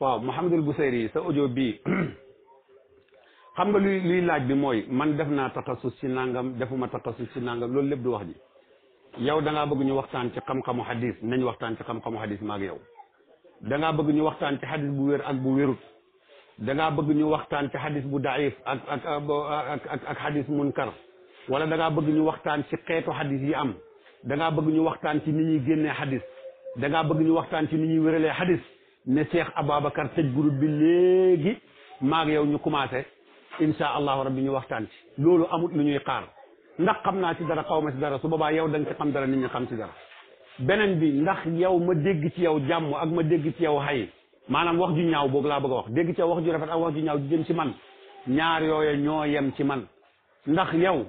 waaw Mouhamadul Busayri sa audio bii xam nga luy luy laaj bi mooy man def naa taxasus ci nangam defuma taxasus ci nangam loolu lépp du wax ji yow da bëgg ñu waxtaan ci xam-xamu xadis nañ waxtaan ci xam-xamu xadis maag yow da ngaa bëgg ñu waxtaan ci xadis bu wér ak bu wérut da ngaa bëgg ñu waxtaan ci bu daif ak ak ak ak xadis munkar wala da ngaa bëgg ñu waxtaan ci xeetu xadis yi am da bëgg ñu waxtaan ci ni ñuy génnee xadis da bëgg ñu waxtaan ci ni ñuy wéralee xadis ne Cheikh Ababacar tëj groupe bi léegi maag yow ñu commencé insha allahu rabbi ñu waxtaan ci loolu amut lu ñuy xaar ndax xam naa ci dara xaw ma si dara su boobaa yow da nga ci xam dara nit xam ci dara beneen bi ndax yow ma dégg ci yow jàmm ak ma dégg ci yow xay maanaam wax ju ñaaw boobu laa bëgg a wax dégg ci wax ju rafet ak wax ju ñaaw ju ci man ñaar yooya ñoo yem ci man ndax yow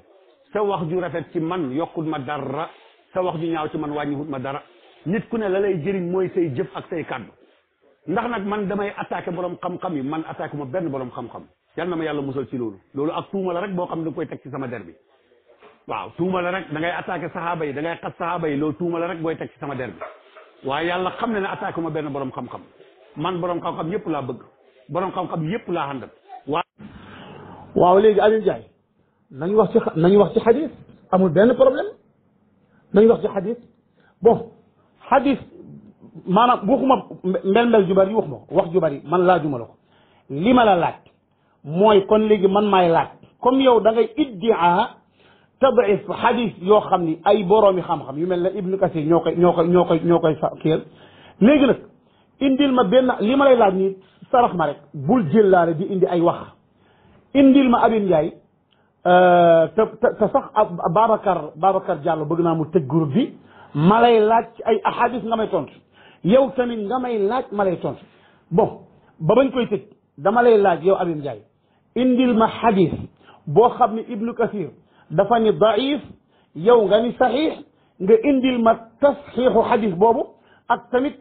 sa wax ju rafet ci man yokkut ma dara sa wax ju ñaaw ci man wàññiwut ma dara nit ku ne la lay jëriñ mooy say jëf ak say kàddu ndax nag man damay attaqué borom xam-xam yi man attaqué ma benn borom xam-xam yal na ma yàlla musal ci loolu loolu ak tuuma la rek boo xam ne da koy teg sama der bi waaw tuuma la rek da ngay attaqué saxaaba yi da ngay xas saxaaba yi loolu tuuma la rek boo teg ci sama der bi waaye yàlla xam ne ne attaqué ma benn borom xam-xam man borom xam-xam yëpp laa bëgg borom xam-xam yëpp laa àndal waaw. waaw léegi Aliou Ndiaye nañu wax ci nañu wax ci xadis amul benn problème nañu wax ci xadis bon xadis maanaam waxuma mbel mbel ju bari waxuma ko wax ju bari man laajuma la ko li ma la laaj mooy kon léegi man maay laaj comme yow dangay ngay iddia tadif xadis yoo xam ni ay boroomi xam-xam yu mel ne ibnu kasir ñoo koy ñoo koy ñoo koy ñoo koy kiyal léegi nag indil ma benn li ma lay laaj nii sarax ma rek bul jëllaale di indi ay wax indil ma abin njaay euh, te te sax Babacar Babacar Diallo bëgg naa mu tëj groupe bi ma lay laaj ci ay ahadis nga may yow tamit nga may laaj ma lay tontu bon ba bañ koy tëj dama lay laaj yow Habib Ndiaye indil ma xadis boo xam ne Ibnu Kasir dafa ni daif yow nga ni saxiix nga indil ma tasxiixu xadis boobu ak tamit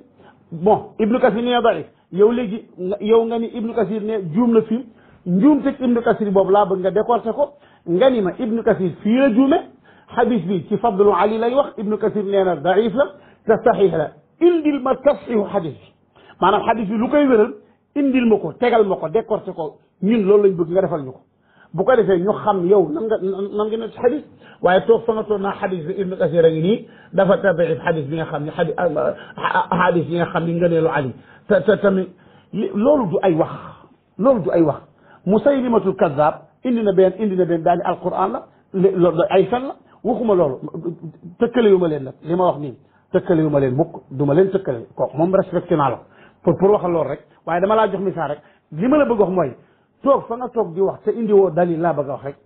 bon Ibnu Kasir nee daif yow léegi yow nga ni Ibnu Kasir ne juum na fi njuum teg Ibnu Kasir boobu laa bëgg nga décorté ko nga ni ma Ibnu Kasir fii la juume xadis bi ci fadlu Ali lay wax Ibnu Kasir nee na daif la te saxiix la indil ma tasxihu xadis bi maanaam xadis bi lu koy wéral indil ma ko tegal ma ko décorté ko ñun loolu lañ bëgg nga defal ñu ko bu ko defee ñu xam yow nan nga nan nga nekk xadis waaye toog fa nga toog naa xadis bi ibnu kasir a ngi nii dafa tabiib xadis bi nga xam ne xadis ah, ah, xadis yi nga xam ne ngëneelu ali te te tamit loolu du ay wax loolu du ay wax musaylimatul kazaab indi na benn indi na benn daani alquran la loolu ay fen la waxuma loolu tëkkale yu ma leen nag li ma wax nii tëkkale yu ma leen mukk du ma leen tëkkale kooku moom respecté naa la pour pour waxal loolu rek waaye dama laa jox misaal rek li ma la bëgg wax mooy toog fa nga toog di wax te indi woo dalil laa bëgg wax rek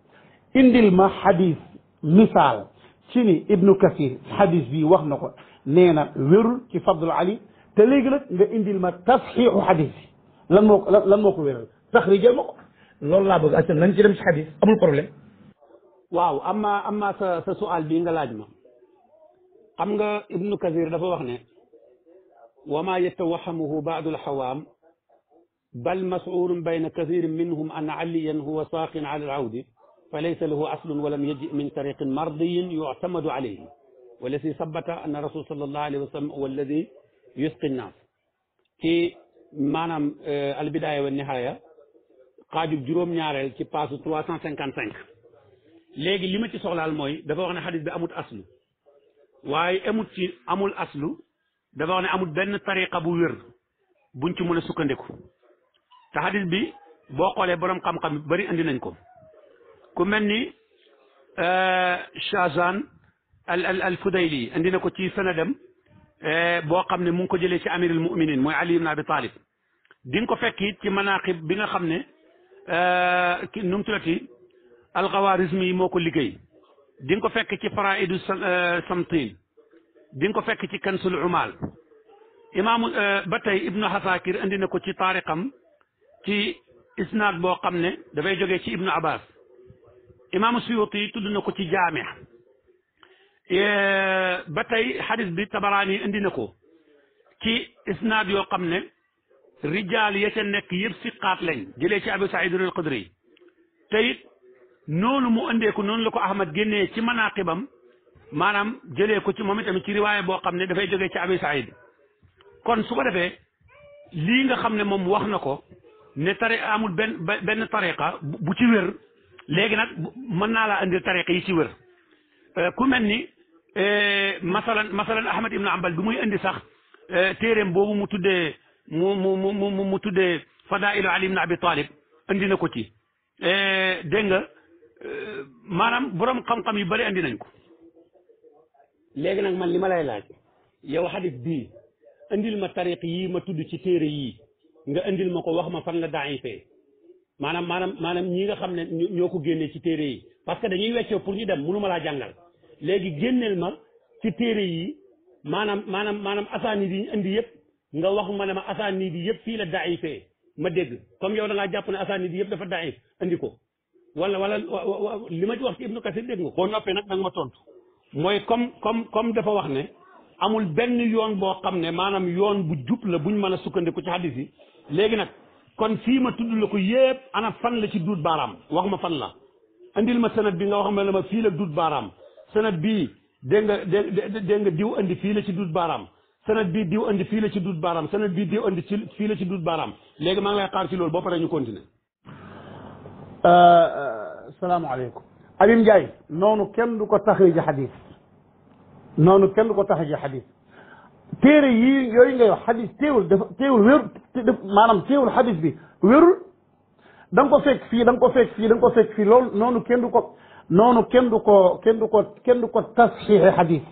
indil ma xadis misaal ci ni ibnu kasir xadis bii wax na ko nee na wérul ci fadl ali te léegi nag nga indil ma tasxiixu xadis bi lan moo ko lan moo ko wéral taxrijal ma ko loolu laa bëgg a nañ ci dem si xadis amul problème waaw ama ama sa sual bii nga laaj ma xam nga ibnu kasir dafa wax ne wa ma yatawahamuhu baadu alxawaam bal masulun bayna kasirin minhum an aliyan huwa saaqin ala alawdi fa laysa lahu aslun walam yaji min tariqin mardiyin yuctamadu alayhi walasi sabata anna rasul sallallahu alayhi wa sallam walladi yusqi nnaas ci maanaam eh, albidaaya wa nihaaya xaajub juróom-ñaareel ci paasu trois cent cinquante cinq léegi li ma ci soxlaal mooy dafa wax ne xadis bi amut aslu waaye amul ci amul aslu dafa wax amut benn tariqa bu wér buñ ci mën a sukkandiku te bi boo xoolee borom xam-xam bari andi nañ ko ku mel ni euh, Shazan al al al Fudayli andi na ko ci sanadam euh, boo xam ne mu ko jëlee ci amirul muminin mooy Ali ibn Abi Talib di nga ko fekk it ci manaqib bi nga xam ne euh, ki nu mu tuddati al Xawaarismi yi moo ko liggéey. di ko fekk ci faraidu euh, samtin di nga ko fekk ci kansul umal imaamu euh, ba tey ibnu hasakir indi na ko ci taariqam ci isnaad boo xam ne dafay jógee ci ibnu abbas imaamu suyuti tudd na ko ci jaamia euh, ba tey xadis bi tabaraani indi na ko ci isnaad yoo xam ne rijaal ya ca nekk yëpp siqaat lañ jëlee ci abi saidin al xudri noonu mu andee noonu la ko Ahmad génnee ci manaqibam maanaam jëlee ko ci moom itamit ci riwaaya boo xam ne dafay jógee ci Abi Saïd kon su ko defee lii nga xam ne moom wax na ko ne tari amul benn benn tariqa bu ci wér léegi nag mën naa la indil tariqa yi ci wér euh, ku mel ni euh, masalan masalan Ahmad ibn Ambal bi muy indi sax euh, téeréem boobu mu tuddee mu mu mu mu mu tuddee Fadailu Ali ibn Abi Talib indi ko ci dégg nga Euh, maanaam borom xam-xam yu bari andi nañ ko léegi nag man li ma lay laaj yow xadis bii andil ma tariq yii ma tudd ci téere yii nga indil ma ko wax ma fan la daayifee maanaam maanaam maanaam ñi nga xam ne ñoo ko génnee ci téere yi parce que dañuy weccoo pour ñu dem mënu ma laa jàngal léegi génneel ma ci téere yi maanaam maanaam maanaam asaanid yi ñu indi yëpp nga wax ma ne ma asaanid yi yëpp fii la daayifee ma dégg comme yow da ngaa jàpp ne asaanid yi yëpp dafa daayif andi ko wala wala li ma ci wax ci Ibnu Kasir dégg nga boo noppee nag da ma tontu mooy comme comme comme dafa wax ne amul benn yoon boo xam ne maanaam yoon bu jub la bu ñu mën a sukkandiku ci hadis yi léegi nag kon fii ma tudd la ko yépp ana fan la ci duut baaraam wax ma fan la andil ma sanad bi nga wax ma la ma fii la duut baaraam sanad bii dégg nga dégg nga diw andi fii la ci duut baaraam sanad bii diw andi fii la ci duut baaraam sanad bii diw andi ci fii la ci duut baaraam léegi maa ngi lay xaar ci Euh, euh, salaamaaleykum Alioune Ndiaye noonu kenn du ko taxriji xadis noonu kenn ko taxriji xadis téere yii yooyu ngay wax xadis teewul dafa teewul wéru maanaam teewul xadis bi wérul da ko fekk fii da ko fekk fii da ko fekk fii loolu noonu kenn du ko noonu kenn du ko kenn du ko kenn du ko tasxiixi xadis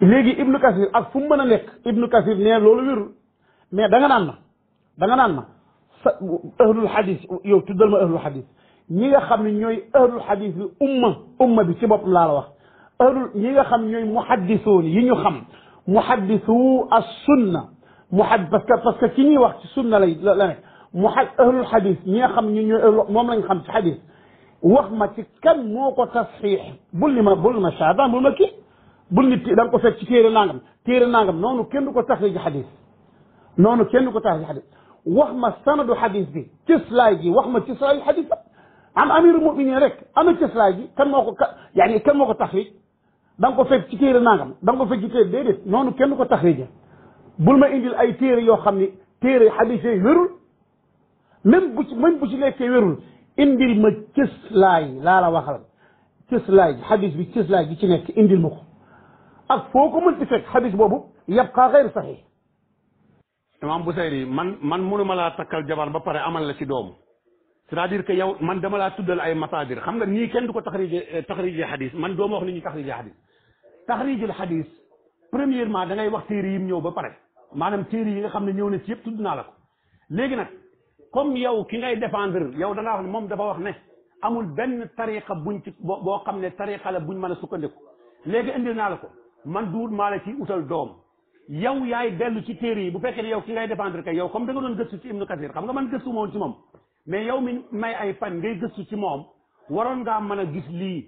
léegi Ibnu Kasir ak fu mu mën a nekk Ibnu Kasir nee loolu wérul mais danga naan ma danga naan ma sa ahlul xadis yow tuddal ma ahlul xadis ñi nga xam ne ñooy ahlul xadis bi umma umma bi ci bopp laa la wax ahlul ñi nga xam ñooy muhaddisuun yi ñu xam muhaddisu as sunna muhad parce que parce que ci ñuy wax ci sunna lay la nekk muhad ahlul xadis ñi nga xam ñu ñooy ahlu moom lañ xam ci xadis wax ma ci kan moo ko tasxiix bul ni ma bul ma shaaban bul ma kii bul nit da nga ko fekk ci téere nangam téere nangam noonu kenn du ko taxriij xadis noonu kenn du ko taxriij xadis wax ma sanadu xadis bi cëslaay gi wax ma cëslaayu xadis ba am amirul muminin rek ana cëslaay gi kan moo ko ka yaani kan moo ko taxrij da nga ko fekk ci téere nangam da nga ko fekk ci téere déedéet noonu kenn ko taxrija bul ma indil ay téere yoo xam ne téere xadis yooyu wérul même bu ci même bu ci nekkee wérul indil ma cëslaay laa la waxal cëslaay gi xadis bi cëslaay gi ci nekk indil ma ko ak foo ko mënti fekk xadis boobu yabqa xayr saxiix imaam Busayri man man mënuma laa takkal jabar ba pare amal la ci doom c'est-à-dire que yow man dama laa tuddal ay masaadir xam nga nii kenn du ko taxrije eh, taxrije xadis man doo ma wax ni ñuy taxrije xadis taxrijul xadis premièrement da ngay wax téere yim ñëw ba pare maanaam téere yi nga xam ne ñëw na ci yëpp tudd naa la ko léegi nag comme yow ki ngay défendre yow da ngaa wax ne moom dafa wax ne amul benn tariqa buñ ci boo xam ne tariqa la buñ mën a sukkandiku léegi indil naa la ko man duul maa la utal doom yow yaay dellu ci téere yi bu fekkee ne yow ki ngay dépendre kay yow comme da nga doon gëstu ci Ibnu Kasir xam nga man gëstu moom ci moom mais yow mi may ay fan ngay gëstu ci moom waroon ngaa man a gis lii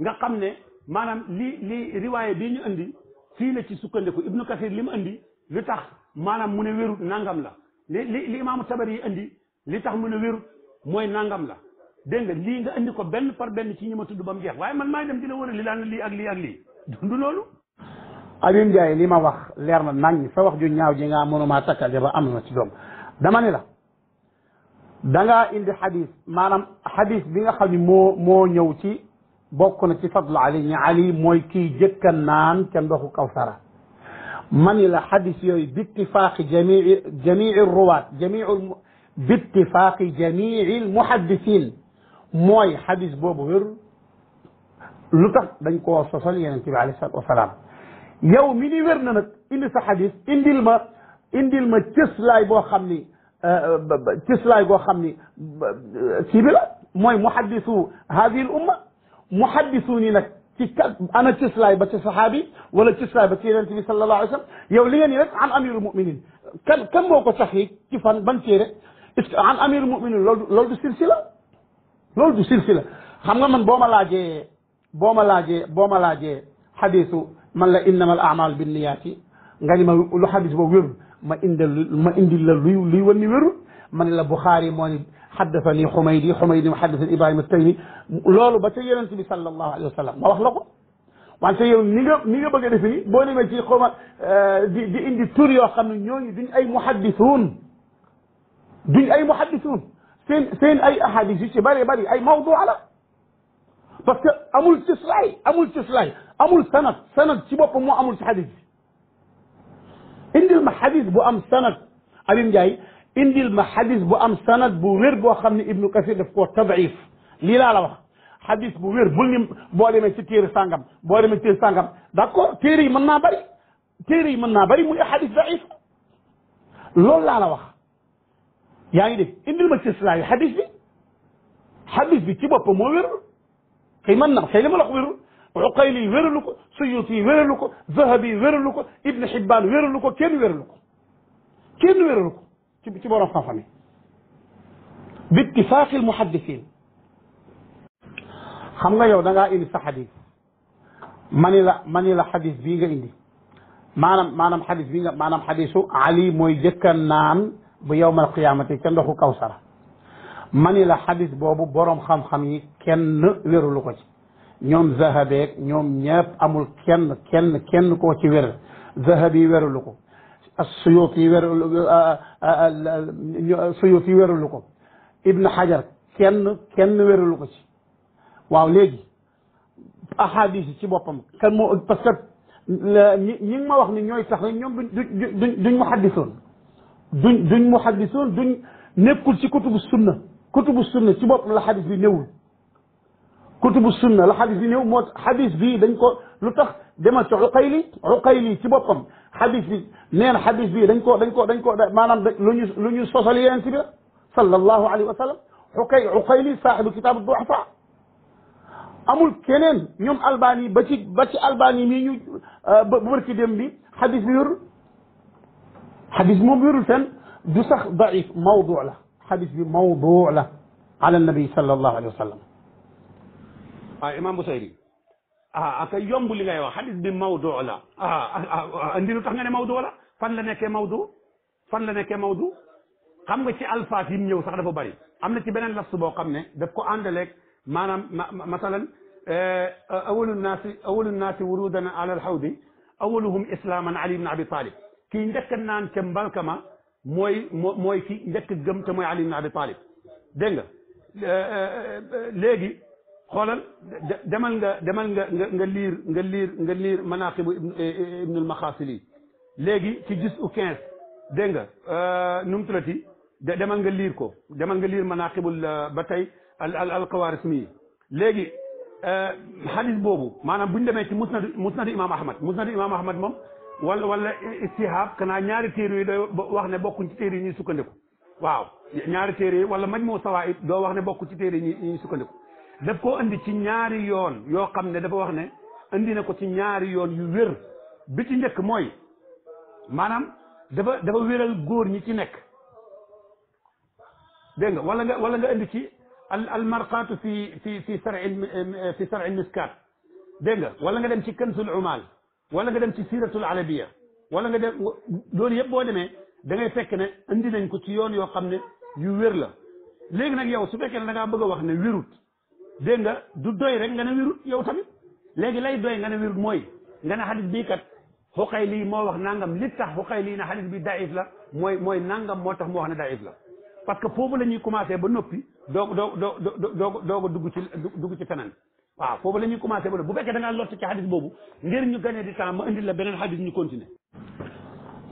nga xam ne maanaam lii lii riwaaye bii ñu indi fii la ci sukkandiku Ibnu Kasir li mu indi lu tax maanaam mu ne wérut nangam la li li li imaamu Tabari yi indi li tax mu ne wérut mooy nangam la dégg nga lii nga indi ko benn par benn ci ñi ma tudd ba mu jeex waaye man maay dem di la wër li lii ak lii ak lii Alioune Ndiaye li ma wax leer na nañ sa wax ju ñaaw ji nga mënuma takkal jabar am na ci doom dama ne la dangaa indi xadis maanaam xadis bi nga xam ni moo moo ñëw ci bokk na ci fadlu ali ñi ali mooy kiy jëkka naan ca ndoxu kawsara mani la xadis yooyu bittifaaqi jamii jamii ruwaat jamii bittifaaqi jamii muhaddisin mooy xadis boobu wér lu tax dañ koo sosal yeneen bi alayhi salaatu wasalaam yow mi ni wér na nag indi sa xadis indil ma indil ma cëslaay boo xam ni euh, euh, cëslaay boo xam ni euh, kii bi la mooy muhaddisu hadihi l umma muhaddisu ni nag ci ka ana cëslaay ba ci saxaabi wala cëslaay ba ci yonente bi sallallahu alayhi wa sallam yow li ngeen ni rek an amirul muminin kan kan moo ko saxi ci fan ban téere est-ce que an amirul muminin loolu loolu du silsila loolu du silsila xam nga man boo ma laajee boo ma laajee boo ma laajee xadisu man la innamal a'mal binniyaati nga ni ma lu xadis boobu wéru ma indil ma indil la luy luy wan ni wéru ma ne la Buxaari moo ni xaddasani Xumaydi Xumaydi xaddasani Ibrahima Taymi loolu ba ca yonent bi sallallahu alayhi wa sallam ma wax la ko wante yow ni nga ni nga bëgg a def nii boo demee ci xaw ma euh, di di indi tur yoo xam ne ñooñu duñ ay muhaddisuun duñ ay muhaddisuun seen seen ay ahadis yu ci bëree bëri ay mawdu la parce que amul cislaay amul cislaay amul sanad sanad ci boppam moo amul ci xadis bi indil ma xadis bu am sanad Alioune Ndiaye indil ma xadis bu am sanad bu wér boo xam ne Ibnu Kasir daf koo tadaif lii laa la wax xadis bu wér bul ni boo demee ci téere sàngam boo demee ci téere sàngam d' accord téere yi mën naa bëri téere yi mën naa bëri muy xadis daif loolu laa la wax yaa ngi dégg indil ma cislaay xadis bi xadis bi ci boppam moo wérul kay mën na kay li ma la wax wérul Uqayli wéralu ko Suyuti wéralu ko Zahabi wéralu ko Ibn Hibbaan wéralu ko kenn wéralu ko kenn wéralu ko ci ci borom xam-xam yi bi ittifaaqi almuhaddisiin xam nga yow da ngaa indi sa xadis mani la mani la xadis bii nga indi maanaam maanaam xadis bii nga maanaam xadisu Ali mooy jëkka naan bu yowmal qiyaamati ca ndoxu Kawsara mani la xadis boobu boroom xam-xam yi kenn wérulu ko ci ñoom zahabeeg ñoom ñëpp amul kenn kenn kenn koo ci wér zahabi wérulu ko euh, suyuti wérulu suyuti wérulu ko ibn xajar kenn kenn wérulu ko ci waaw léegi ahadis yi ci boppam kan moo parce que ñi ñi ma wax ni ñooy tax ñoom duñ duñ duñ muhaddisoon duñ duñ muhaddisoon duñ nekkul ci kutubu sunna kutubu sunna ci boppam la xadis bi néewul kutubu sunna la xadis bi néew moo xadis bi dañ ko lu tax demal ci uqayli uqayli ci boppam xadis bi nee na xadis bi dañ ko dañ ko dañ ko maanaam lu ñu lu ñu sosal yonent bi la sallallahu alayhi wa sallam ukay uqayli saaxibu kitaabu duafa amul keneen ñoom albani ba ci ba ci albani mii ñu euh, bërki dem bi xadis bi yorul xadis moom yorul fenn du sax daif mawdu la xadis bi mawdu la ala nabi sallallahu alayhi wa sallam ah imam Busayri ah ak yomb li ngay wax xadis bi mawdu la ah andi ah, ah, lu tax nga ne mawdu la fan la nekkee mawdu fan la nekkee mawdu xam nga ci alfaat yi mu ñëw sax dafa bari am na ci beneen lafs boo xam ne daf ko àndaleeg maanaam masalan eh, awalu naasi awalu naasi wurudan ala alxawdi awaluhum islaaman ali ibn abi talib kii njëkk naan ca mbalkama mooy moo mooy ki njëkk gëm te mooy Ali ibn Abi Talib dégg nga euh, euh, euh, léegi xoolal demal nga demal nga nga nga liir nga liir nga liir manaqibu eh, eh, ibnul maxaasili léegi ci gis u quinze dégg nga nu mu tuddati demal nga liir ko demal nga liir manaqibul ba tey al al alqawarismi yi léegi xadis boobu maanaam bu ñu demee ci musnadu musnadu imam ahmad musnadu imam ahmad moom wala wala istihab xanaa ñaari téere yi doo wax ne bokkuñ ci téere yi ñuy sukkandiku waaau ñaari téere yi wala maj moo sawaid doo wax ne bokku ci téere yi ñuy sukkandiku daf koo indi ci ñaari yoon yoo xam ne dafa wax ne indi na ko ci ñaari yoon yu wér bi ci njëkk mooy maanaam dafa dafa wéral góor ñi ci nekk dégg nga wala nga wala indi ci al al marqaatu fi fi fi sar'il fi sar'il miskaat dégg nga wala nga dem ci kansul umaal wala nga dem si siratul alabiya wala nga dem loolu yëpp boo demee da ngay fekk ne indi nañ ko ci yoon yoo xam ne yu wér la léegi nag yow su fekkee ne danga ngaa bëgg a wax ne wérut dégg nga du doy rek nga ne wérut yow tamit léegi lay doy nga ne wérut mooy nga ne xadis bii kat xuqay lii moo wax nangam li tax xuqay lii na xadis bi daif la mooy mooy nangam moo tax moo wax ne daif la parce que foofu la ñuy commencé ba noppi doog doog doog doog doog dugg ci dugg ci feneen waaw la ñuy commencé bu fekkee da ngaa lott ci xadis boobu ngir ñu gagné di temps ma indil la beneen xadis ñu continuer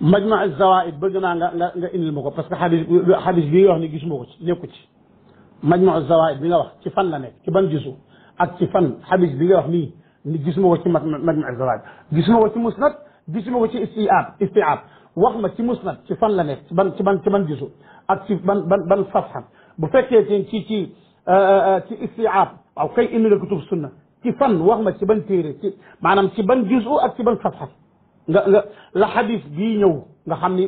majma az-zawaid bëgg naa nga nga nga indil ma ko parce que xadis xadis bi nga wax ni gisuma ko ci ci majma az-zawaid bi nga wax ci fan la nekk ci ban gisu ak ci fan xadis bi nga wax nii ni gisuma ko ci majma az-zawaid gisuma ko ci musnad gisuma ko ci istiab istiab wax ma ci musnad ci fan la nekk ci ban ci ban ci ban gisu ak ci ban ban ban safxan bu fekkee ci ci ci istiab waaw kay indi kutub sunna ci fan wax ma ci ban téere ci maanaam ci ban juzu ak ci ban safxa nga nga la xadis bii ñëw nga xam ni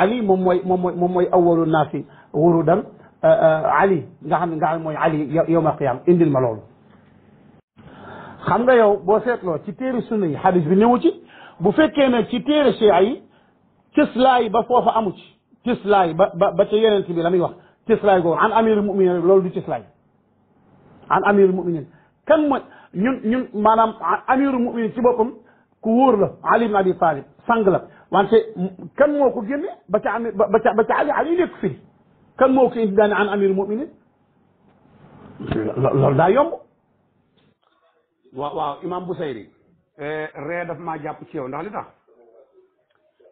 ali moom mooy moom mooy moom mooy awalu naasi wurudan ali nga xam ne nga mooy ali yowma alqiyama indil ma loolu xam nga yow boo seetloo ci téere sunna yi xadis bi ñëwu ci bu fekkee ne ci téere chia yi cëslaay ba foofa amu ci cëslaay ba ba ba ca yeneen bi la muy wax cëslaay googu an amirul muminin loolu du cëslaay an amirul muminin kan mooy ñun ñun maanaam ci boppam ku wóor la ali ibn abi talib sang la wante kan moo ko génne ba ca ami ali ali nekk fii kan moo ko indi daane an amirul muminin loolu daa yomb waaw waaw imam Busayri eh, ree daf maa jàpp ci yow ndax li tax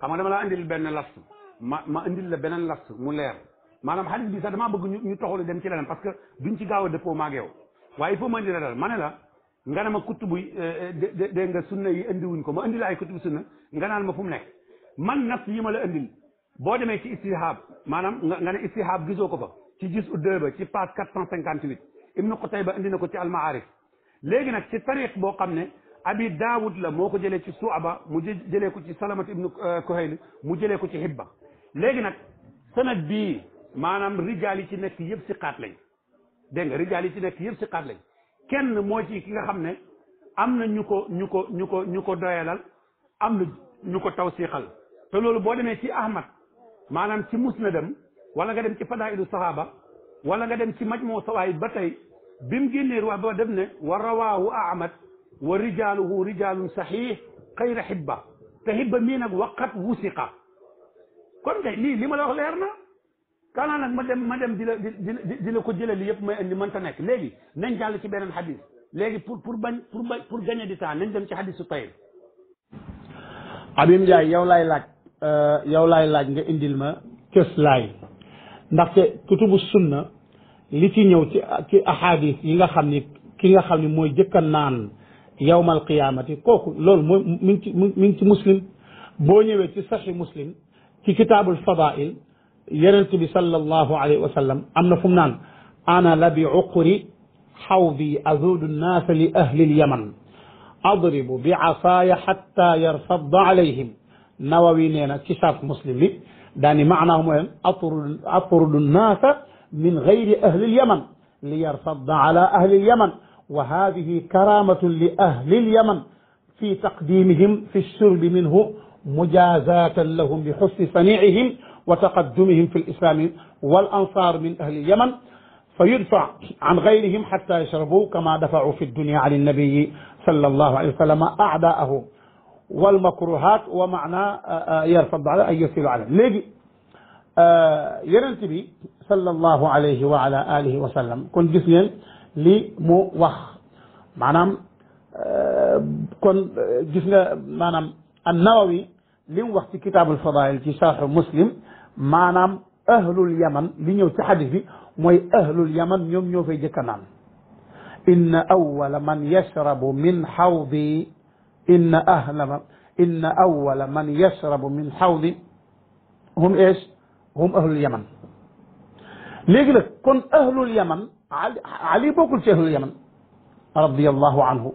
xam nga dama laa indil benn last ma ma indil la beneen last mu leer maanaam xadis bi sax damaa bëgg ñu ñu toxalu dem ci leneen parce que duñ ci gaaw a dëppoo maag yow waaye il faut ma indi la dal ma ne la nga ne ma kutubu eh, eh, sunna yi indiwuñ ko ma indi la ay kutubu sunna nga naan ma fu mu nekk man nas yi ma la indil boo demee ci istihab maanaam nga ne istihab gisoo ko fa ci gis uddee ba ci page quatre cent cinquante huit ibnu Qutayba indi na ko ci almaarif léegi nag ci tariq boo xam ne abi daawut la moo ko jëlee ci suaba mu jëlee ko ci salamat ibnu eh, Kuhayl mu jëlee ko ci hibba léegi nag sanad maanaam rijaal yi ci nekk yëpp si xaat lañ dégg nga rijaal yi ci nekk yëpp si xaat kenn moo ci ki nga xam ne am na ñu ko ñu ko ñu ko ñu ko doyalal am na ñu ko taw siixal te loolu boo demee ci ahmad maanaam ci dem wala nga dem ci fadailu sahaba wala nga dem ci majmoo sawaayid ba tey bi mu génnee wax ba def ne wa rawaahu ahmad wa rijaaluhu rijaalun saxiix xayra xibba te xibba mii nag waqat wusiqa kon kay lii li la wax leer na kaanaa nag ma dem ma dem di la di la ko jëlee li yëpp may indi mënta nekk léegi nañ jàll ci beneen xadis léegi pour pour bañ pour bañ pour gagner du temps nañ dem ci xadisu tayib Abim Ndiaye yow laay laaj euh, yow laay laaj nga indil ma cës laay ndaxte kutubu sunna li ci ñëw ci ci ahadis yi nga xam ni ki nga xam ni mooy jëkka naan yawmal qiyaamati kooku loolu mooy mi ngi ci mi ngi ci muslim boo ñëwee ci saxi muslim ci kitaabul fadail yonent bi sallallahu alayhi wa sallam am na fu mu naan ana la bi uqri xawdi azudu nnaasa li ahli lyaman adribu bi asaaya xatta yarfadda alayhim nawawi nee na ci saaf muslim bi daani maanaahu mooy atrudu atrudu nnaasa min gayri ahli lyaman li yarfadda ala ahli lyaman wa hadihi karamatun li ahli lyaman fi taqdimihim fi shurbi minhu mujaazatan lahum bi xusni saniicihim wa taqaddumihim fi lislami wal ansar min ahli yaman fa yudfa an gayrihim xata yashrabu kama dafau fi dunia an innabiyi sal allahu alayhi wa sallam aadaahu walmakruhat wa maana eh, eh, yarfad ala an yasilu ala léegi eh, yonent bi sal allahu alayhi wa ala alihi wa sallam kon gis ngeen li mu wax maanaam kon gis nga maanaam an nawawi li mu wax ci kitaabul fadail ci sharh muslim maanaam ahlul yaman li ñëw ci xadis bi mooy ahlul yaman ñoom ñoo fay jëkka naan inna awwala man yashrabu min xawdi inna ahla inna awwala man yashrabu min xawdi hum ees hum ahlul yaman léegi nag kon ahlul yaman ali ali bokkul ci ahlul yaman radiyallahu anhu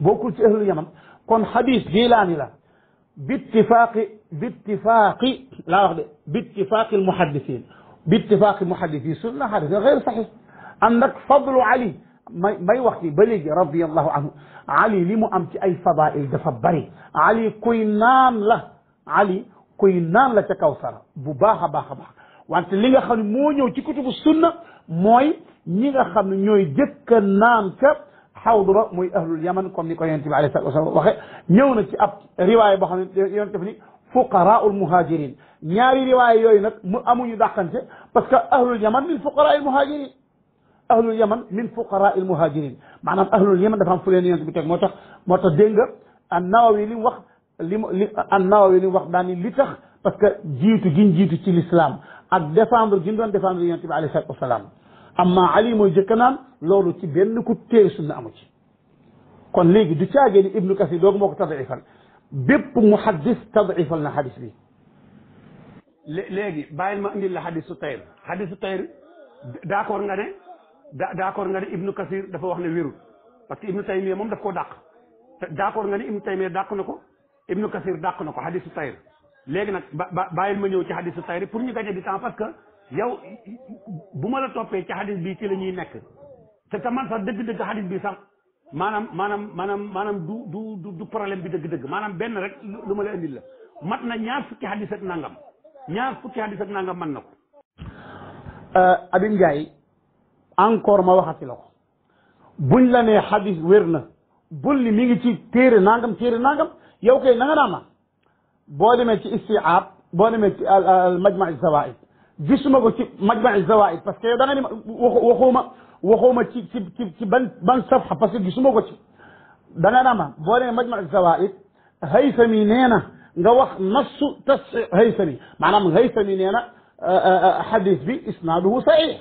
bokkul ci ahlul yaman kon xadis jilaani la bittifaaqi bittifaaqi laa wax de bittifaaqi almuhaddisiin bittifaaqi almuhaddisiin suñ la xadis xeyr saxiix ànd ak fadlu Ali may may wax ci ba léegi radiyallahu anhu Ali li mu am ci ay fadaa'il dafa bari Ali kuy naan la Ali kuy naan la ca Kawsara bu baax a baax a baax wante li nga xam ne moo ñëw ci kutubu sunna mooy ñi nga xam ne ñooy jëkk a naan ca xawdu ba muy ahlul yaman comme ni ko yonent bi alayhi salaatu wa salaam waxe ñëw na ci ab riwaay boo xam ne yonent bi ni fuqaraul muhajirin ñaari riwaay yooyu nag mu amuñu dàqante parce que ahlul yaman min fuqarail muhajirin ahlul yaman min fuqarail muhajirin maanaam ahlul yaman dafa am fu leen yonent bi teg moo tax moo tax dégg nga an-Nawawi li mu wax li mu li an-Nawawi li mu wax daani li tax parce que jiitu giñ jiitu ci l'islam ak défendre gi ñu doon défendre yonent bi alayhi salaatu wasalaam amma ali mooy jëkk naan loolu ci benn ku téere sunna amu ci kon léegi du caagee ni ibnu kasir doogu moo ko tadaifal bépp muhaddis tadifal na xadis bi léegi bàyyil ma indil la xadisu tayr xadisu tayr d'accord nga ne d'accord nga ne ibnu kasir dafa wax ne wérul parce que ibnu taymiya moom daf koo dàq d'accord nga ne ibnu taymiya dàq na ko ibnu kasir dàq na ko xadisu tayr léegi nag ba bàyyil ma ñëw ci su tayr pour ñu gagner du temps parce que yow bu ma la toppee ci xadis bi ci la ñuy nekk te man sax dëgg-dëgg xadis bi sax maanaam maanaam maanaam maanaam du du du problème bi dëgg-dëgg maanaam benn rek lu ma la indil la mat na ñaar fukki hadis ak nangam ñaar fukki hadis ak nangam man na ko. Euh, Abim Ndiaye encore ma waxati la ko buñ la nee hadis wér na bul ni mi ngi ci téere nangam téere nangam yow kay na naa ma boo demee ci istiab boo demee ci al majma zawaid gisuma ko ci majmaa zawaid parce que yow da nga ni waxuma waxuma ci ci ci ci ban ban safha parce que gisuma ko ci da nga naa ma boo nee majmaa zawaid haysami nee na nga wax nassu tas haysami maanaam haysami nee na xadis euh, euh, euh, bi isnaaduhu saxiix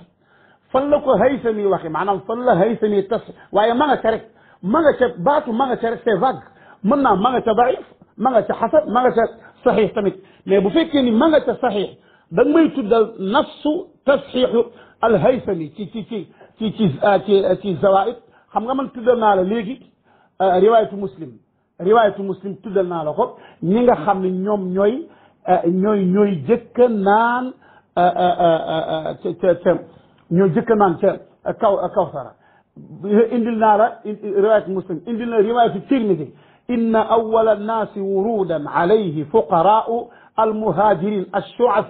fan la ko haysami waxe maanaam fan la haysami tas waaye ma nga ca rek ma nga ca baatu ma nga ca rek c'est vague mën naa ma nga ca daif ma nga ca xasan ma nga ca saxiix tamit mais bu fekkee ni ma nga ca saxiix da nga may tuddal nafsu tasxiixu alhaysami ci ci ci ci ah, ci ci zawaid xam nga man tuddal naa la léegi ah, riwaayatu muslim riwaayatu muslim tuddal naa la ko ñi nga xam ne ñoom ñooy ah, ñooy ñooy jëkka naan ca ca ñooy jëkka naan ca kaw kawsara indil naa la riwaayatu muslim indil na riwaayatu tirmidi inna awala annaasi wurudan alayhi fuqaraau almuhaajirin ashuas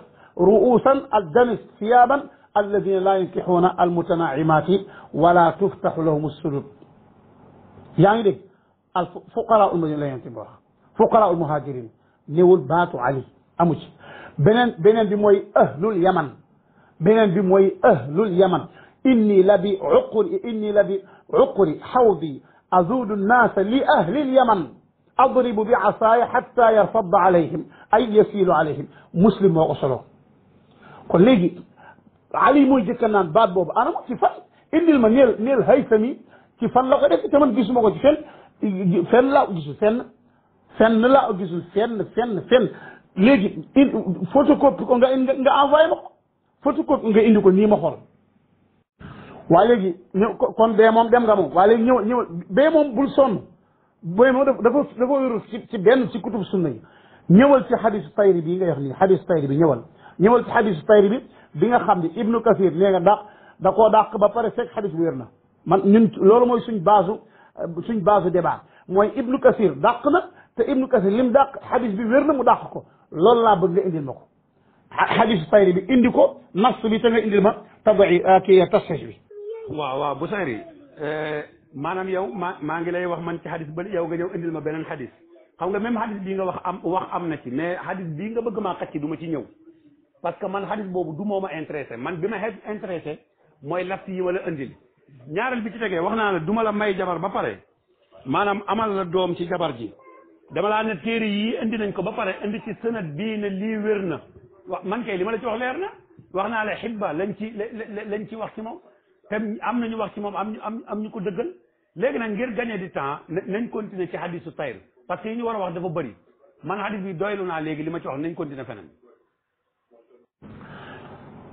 ru'uusan aljamis siyaaban alladina laa yunkixuuna almutanaacimaati wala tuftaxu lahum sulub yaa ngi dégg al fuqaraa ulmadina la yonent bi wax fuqaraa ulmuhaajirin néewul baatu ali amu ci beneen beneen bi mooy ahlul yaman beneen bi mooy ahlul yaman inni la bi uqri inni la bi uqri xawdi azuudu nnaasa li ahlil yaman adribu bi asaaya xatta yarfadda alayhim ay yasiilu alayhim muslim moo ko solo kon léegi ali mooy jëkka naan baat boobu anam ci fan indil ma neel neel haysami ci fan la ko def te man gisuma ko ci fenn fenn laa ko gisul fenn fenn laa ko fenn fenn fenn léegi photocopie ko nga nga envoyé ma ko photocopie nga indi ko nii ma xool waa léegi ñëw kon bee moom dem nga moom waa léegi ñëw ñëw bee moom bul sonn bee moom dafa dafa wérul ci ci benn ci kutub sunna yi ñëwal ci xadis tayri bii nga wax nii xadis tayri bi ñëwal ñëwal ci xadisu tayri bi bi nga xam ni ibnu kasir nee nga dàq da koo dàq ba pare fekk xadis bu wér na man ñun loolu mooy suñ baasu suñ baasu débat mooy ibnu kasir dàq na te ibnu kasir lim dàq xadis bi wér na mu dàq ko lool laa bëgg nga indil ma ko xadisu tayri bi indi ko nas bi te nga indil ma tabai euh, kii tasxix bi waaw waaw bu sayri euh, maanaam yow maa maa ngi lay wax man ci xadis bëli yow nga ñëw indil ma beneen xadis xam nga même xadis bii nga wax am wax am na ci mais xadis bii nga bëgg maa xacc du ma ci ñëw parce que man xadis boobu du mooma intéressé man bi ma xeet intéressé mooy last yi ma la andil ñaareel bi ci tegee wax naa ne duma la may jabar ba pare maanaam amal la doom ci jabar ji dama laa ne téere yii indi nañ ko ba pare indi ci sanat bii ne lii wér na wax man kay li ma la ci wax leer na wax naa la xibba lañ ci lañ ci wax ci moom te am na ñu wax ci moom am ñu am am ñu ko dëggal léegi nag ngir gagner di temps nañ continuer ci xadisu tayr parce que yi ñu war a wax dafa bëri man xadis bi doylu naa léegi li ma ci wax nañ continuer feneen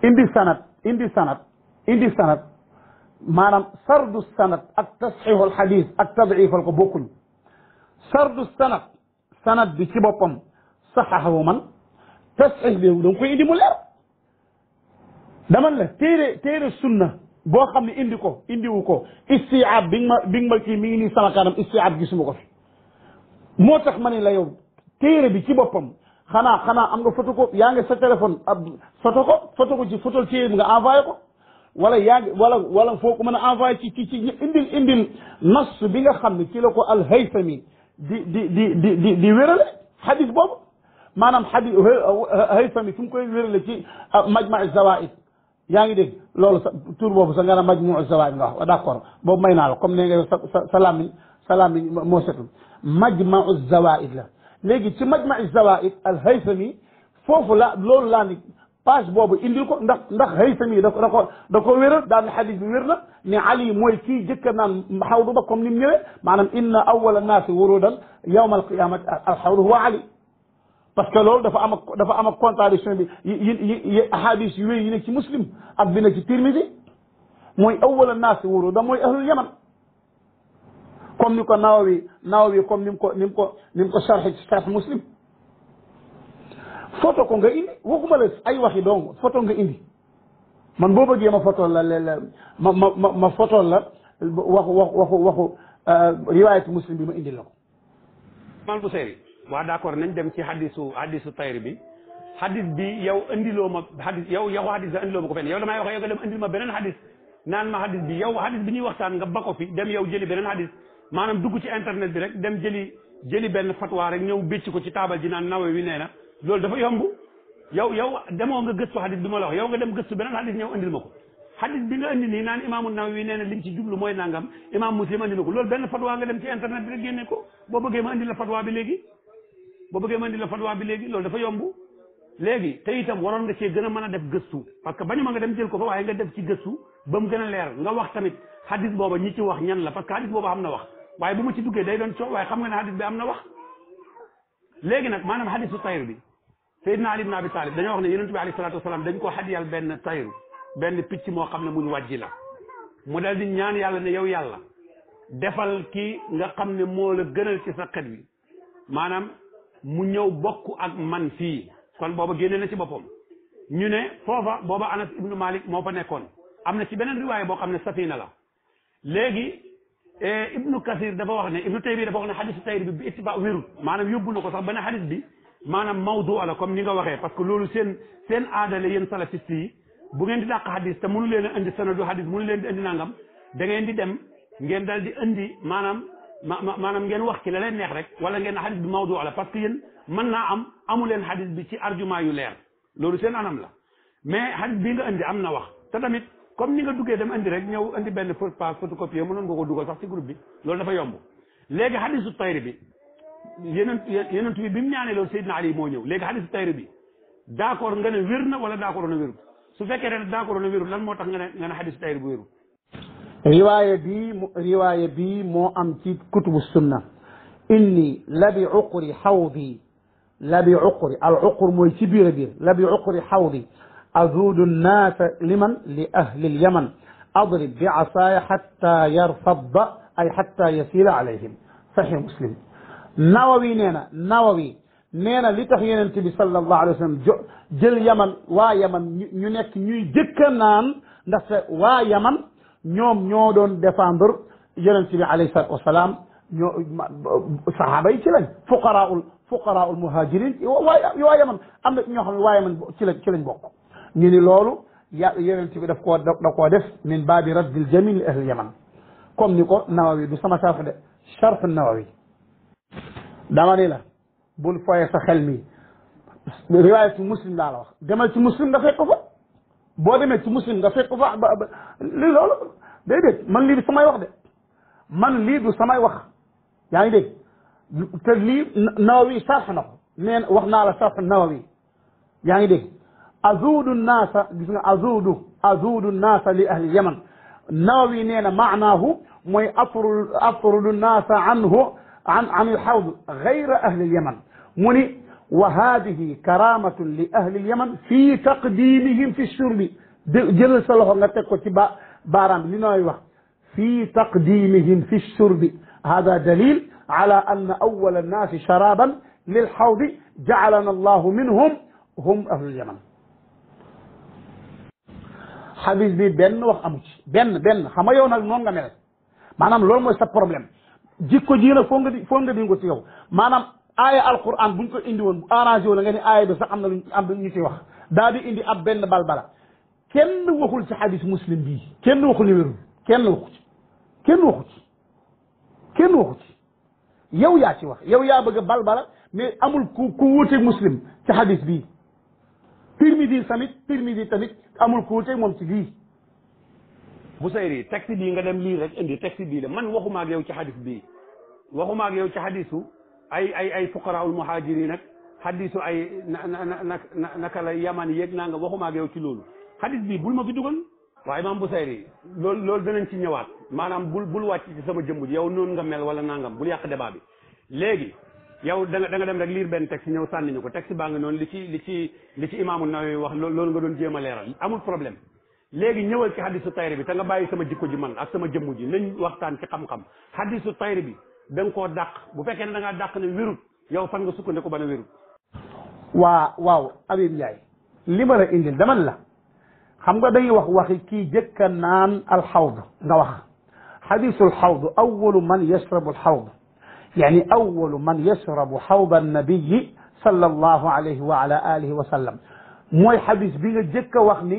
indi sanat indi sanat indi sanat maanaam sardu sanat ak tasxiixul xadis ak tadiifal ko bokkuñ sardu sanat sanat bi ci boppam saxaxawu man tasxiix bi da nga koy indi mu leer dama la téere téere sunna boo xam ne indi ko indiwu ko istiab bi nga ma bi nga ma kii mi ngi nii sama kanam istiab gisuma ko fi moo tax ma ne la yow téere bi ci boppam xanaa xanaa am nga photo ko yaa ngi sa téléphone ab photo ko photo ko ci photo téye nga envoyé ko wala yaa ngi wala wala foo ko mën a envoyé ci ci ci indil indil nas bi nga xam ne ci la ko alhaysami di di di di di di wérale xadis boobu maanaam xadis haysami fu mu koy wérale ci ah, majmaa zawaid yaa ngi dégg loolu sa boobu sa nga a majmuu zawaid nga wax d' accord boobu may naa la comme ne nga sa sa sa làmmiñ sa làmmiñ moo setul majmaa zawaid la léegi ci majma'i zawaid al haythami foofu la loolu laa ni page boobu indil ko ndax ndax haythami da ko da ko da ko wéral daan na xadis bi wér ni ali mooy kii jëkka naan xawdu ba comme ni mu ñëwee maanaam inna awwala naasi wurudan yawma al qiyamati al xawdu huwa ali parce que loolu dafa am ak dafa am ak contradiction bi yi ahadis yu wéy yi nekk ci muslim ak bi nekk ci tirmidi mooy awwala naasi wurudan mooy ahlul yaman comme ni ko Nawawi Nawawi comme ni ko ni ko ni mu ko sarxe ci sarx muslim photo ko nga indi waxuma la ay waxi dong photo nga indi man boo bëggee ma photo la léeg ma ma ma ma photo la waxu waxu waxu waxu euh, riwaayatu muslim bi ma indi la ko. man bu seeri waaw d'accord nañ dem ci hadisu hadisu tayr bi hadis bi yow andiloo ma hadis yow yow hadis bi andiloo ma ko fenn yow damay wax yow nga dem andil ma beneen hadis naan ma hadis bi yow hadis bi ñuy waxtaan nga ba ko fi dem yow jëli beneen hadis maanaam dugg ci internet bi rek dem jëli jëli benn fatwa rek ñëw bécc ko ci taabal ji naan nawe wi nee na loolu dafa yomb yow yow demoo nga gëstu xadis bi ma la wax yow nga dem gëstu beneen xadis ñëw indil ma ko xadis bi nga indi nii naan imaamu Nawawi nee mu ci jublu mooy nangam imaam Muslim indi ma ko loolu benn fatwa nga dem ci internet bi rek génne ko boo bëggee ma indi la bi léegi boo dafa yomb léegi te itam waroon nga cee gën a mën a def gëstu parce que bañu ma nga dem jël ko fa waaye nga def ci gëstu ba mu a leer nga wax tamit xadis booba ñi ci wax ñan la parce que xadis booba am na wax waaye bu ma ci duggee day doon coow waaye xam nga ne hadis bi am na wax léegi nag maanaam hadisu tayru bi Seydina Ali ibn Abi Talib dañoo wax ne yonent bi alayhi salaatu wasalaam dañ ko hadiyal benn tayru benn picc moo xam ne ñu wàjji la mu dal di ñaan yàlla ne yow yàlla defal ki nga xam ne moo la gënal ci sa xet wi maanaam mu ñëw bokk ak man fii kon booba génne na ci boppam ñu ne foofa booba Anas ibnu Malik moo fa nekkoon am na ci beneen riwaay boo xam ne safina la Eh, ibnu kasir dafa wax ne ibnu taymiya dafa wax ne xadis tayr bi bi ittiba wérul maanaam yóbbu na ko sax ba ne xadis bi maanaam mawdu la comme ni nga waxee parce que loolu seen seen aadale yéen salafiste yi bu ngeen di dàq xadis te mënu leen a indi sanadu xadis mënu leen di indi nangam da ngeen di dem ngeen dal di indi maanaam ma maanaam ngeen wax ci la neex rek wala ngeen xadis bi mawdu la parce que yen mën naa am amu leen xadis bi ci argument yu leer loolu seen anam la mais xadis bii indi am na wax comme ni nga duggee dem andi rek ñëw andi benn passe photocopie mënoon nga ko dugal sax ci groupe bi loolu dafa yomb léegi xadisu tayri bi yeneen yeneen bi bi mu ñaanee loolu Seydina Ali moo ñëw léegi xadisu tayri bi d'accord nga ne wér na wala d'accord na wérul su fekkee ne d'accord na wérul lan moo tax nga ne nga ne xadisu tayri bu wérul riwaaya bii riwaaya bii moo am ci kutubu sunna inni la bi uqri xawdi la bi uqri al uqur mooy ci biir a biir la bi uqri xawdi azuudu nnaasa liman li ahli lyaman adrib bi asaaya xatta yarfadda ay xatta yasiila alayhim saxiix muslim nawawi nee na nawawi nee na li tax yonent bi sallallahu alayhi wa sallam jël yaman waa yaman ñu nekk ñuy jëkka naan ndaxte waa yaman ñoom ñoo doon défendre yonent bi alayhi salaatu wasalaam ñoo saxaaba yi ci lañ fuqaraul fuqaraul muhajirin waa waa yaman am na ñoo xam ne waa yaman ci lañ ci lañ bokk ñu ni loolu ya yonent bi daf ko da koo def min baabi raddil jamil ahl yaman comme ni ko nawawi du sama sarf de sarf nawawi dama ni la bul foye sa xel mi riwaayatu muslim laa la wax demal ci muslim nga fekk ko fa boo demee ci muslim nga fekk fa ba li loolu déedéet man lii du samay wax de man lii du samay wax yaa ngi dégg te lii nawawi sarf na ko neen wax naa la sarf nawawi yaa ngi dégg azuudu naasa gis nga azuudu azuudu naasa li ahli yaman nawawi nee na maanaahu mooy afru afrudu naasa anhu an an alxawd gayra ahli alyaman mu ni wa haadihi karaamatun li ahli alyaman fii taqdiimihim fi shurbi jëlal sa loxo nga teg ko ci ba baaraam bi li nooy wax fii taqdiimihim fi shurbi hada dalil ala anna awwala annaasi sharaaban lilxawdi jacalana allahu minhum hum ahlu alyaman xabis bi benn wax amu ci benn benn xam nga yow nag noonu nga mel maanaam loolu mooy sa problème jikko ji nag foo nga di foo nga di ko ci yow maanaam aaya alquran buñ ko indi woon bu arrangé woon nga ni aaya bi sax am na lu am ñu ci wax daal di indi ab benn bala kenn waxul ci xadis muslim bii kenn waxul ni wérul kenn waxu ci kenn waxu ci kenn waxu yaa ci wax yow yaa bëgg a balbala mais amul ku ku wuuteeg muslim ci xadis bii Tirmidi tamit Tirmidi tamit amul ku wuuteeg moom ci lii Busayri texte bii nga dem lii rek indi texte bii la man waxuma ak yow ci xadis bii waxuma ak yow ci xadisu ay ay ay fuqaraul muhajirin nag xadisu ay na na naka la yaman yeeg naa nga waxuma ak yow ci loolu xadis bii bul ma fi dugal waaye maam Busayri loolu loolu danañ ci ñëwaat maanaam bul bul wàcc sama jëmm ji yow noonu nga mel wala nangam bul yàq débat bi léegi yow da nga da nga dem rek lire benn texte ñëw sànni ñu ko texte baa nga noonu li ci li ci li ci imaamu Nawawi wax loolu nga doon jéem a leeral amul problème léegi ñëwal ci hadisu tayri bi te nga bàyyi sama jikko ji man ak sama jëmm ji nañ waxtaan ci xam-xam hadisu tayri bi da nga koo dàq bu fekkee ne da ngaa dàq ne wérut yow fan nga sukkandiku ba ne wérut waa waaw Habib Ndiaye li ma la indil dama la xam nga dañuy wax waxi kii jëkka naan alxawd nga wax hadisul xawd awalu man yashrabu alxawd يعني أول من يشرب حوض النبي صلى الله عليه وعلى آله وسلم mooy xadis bi nga jëkk a wax ni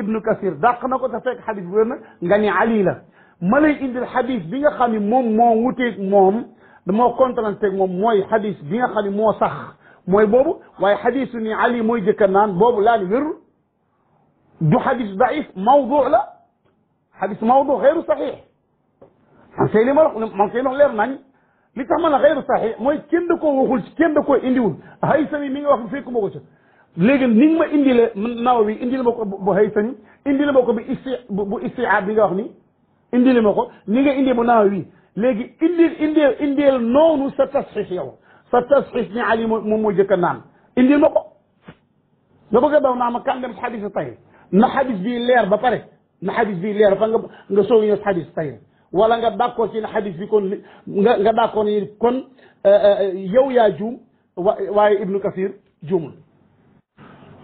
ibnu kasir dàq na ko te fekk xadis bu wér na nga ni ali la ma lay indil xadis bi nga xam ni moom moo wuteeg moom moo contranteeg moom mooy xadis bi nga xam ni moo sax mooy boobu waaye xadisu ni ali mooy jëkka naan boobu laa ni wérul du xadis daif mawdu la xadis mawdu xeeru saxiix man kay li ma leer nañ li tax ma ne xayru saxi mooy kenn da koo waxul kenn da koo indiwul xay sami mi ngi wax fekkuma ko ci léegi ni nga ma indile Nawawi indile ma ko bu xay sami indile ma bu isti bu istiaab bi nga wax ni indile ma ko ni nga indee bu Nawawi léegi indil indeel indeel noonu sa tasxiix yow sa tasxiix ni Ali moom moo jëkk naan indil ma ko nga bëgg a daw naa ma kan dem xadis tay na xadis bii leer ba pare na xadis bii leer fa nga nga soog ñëw xadis wala nga d'accord ci ne xadis bi kon nga nga d'accord ni kon euh, euh, yow yaa juum wa waaye ibnu kasir juumul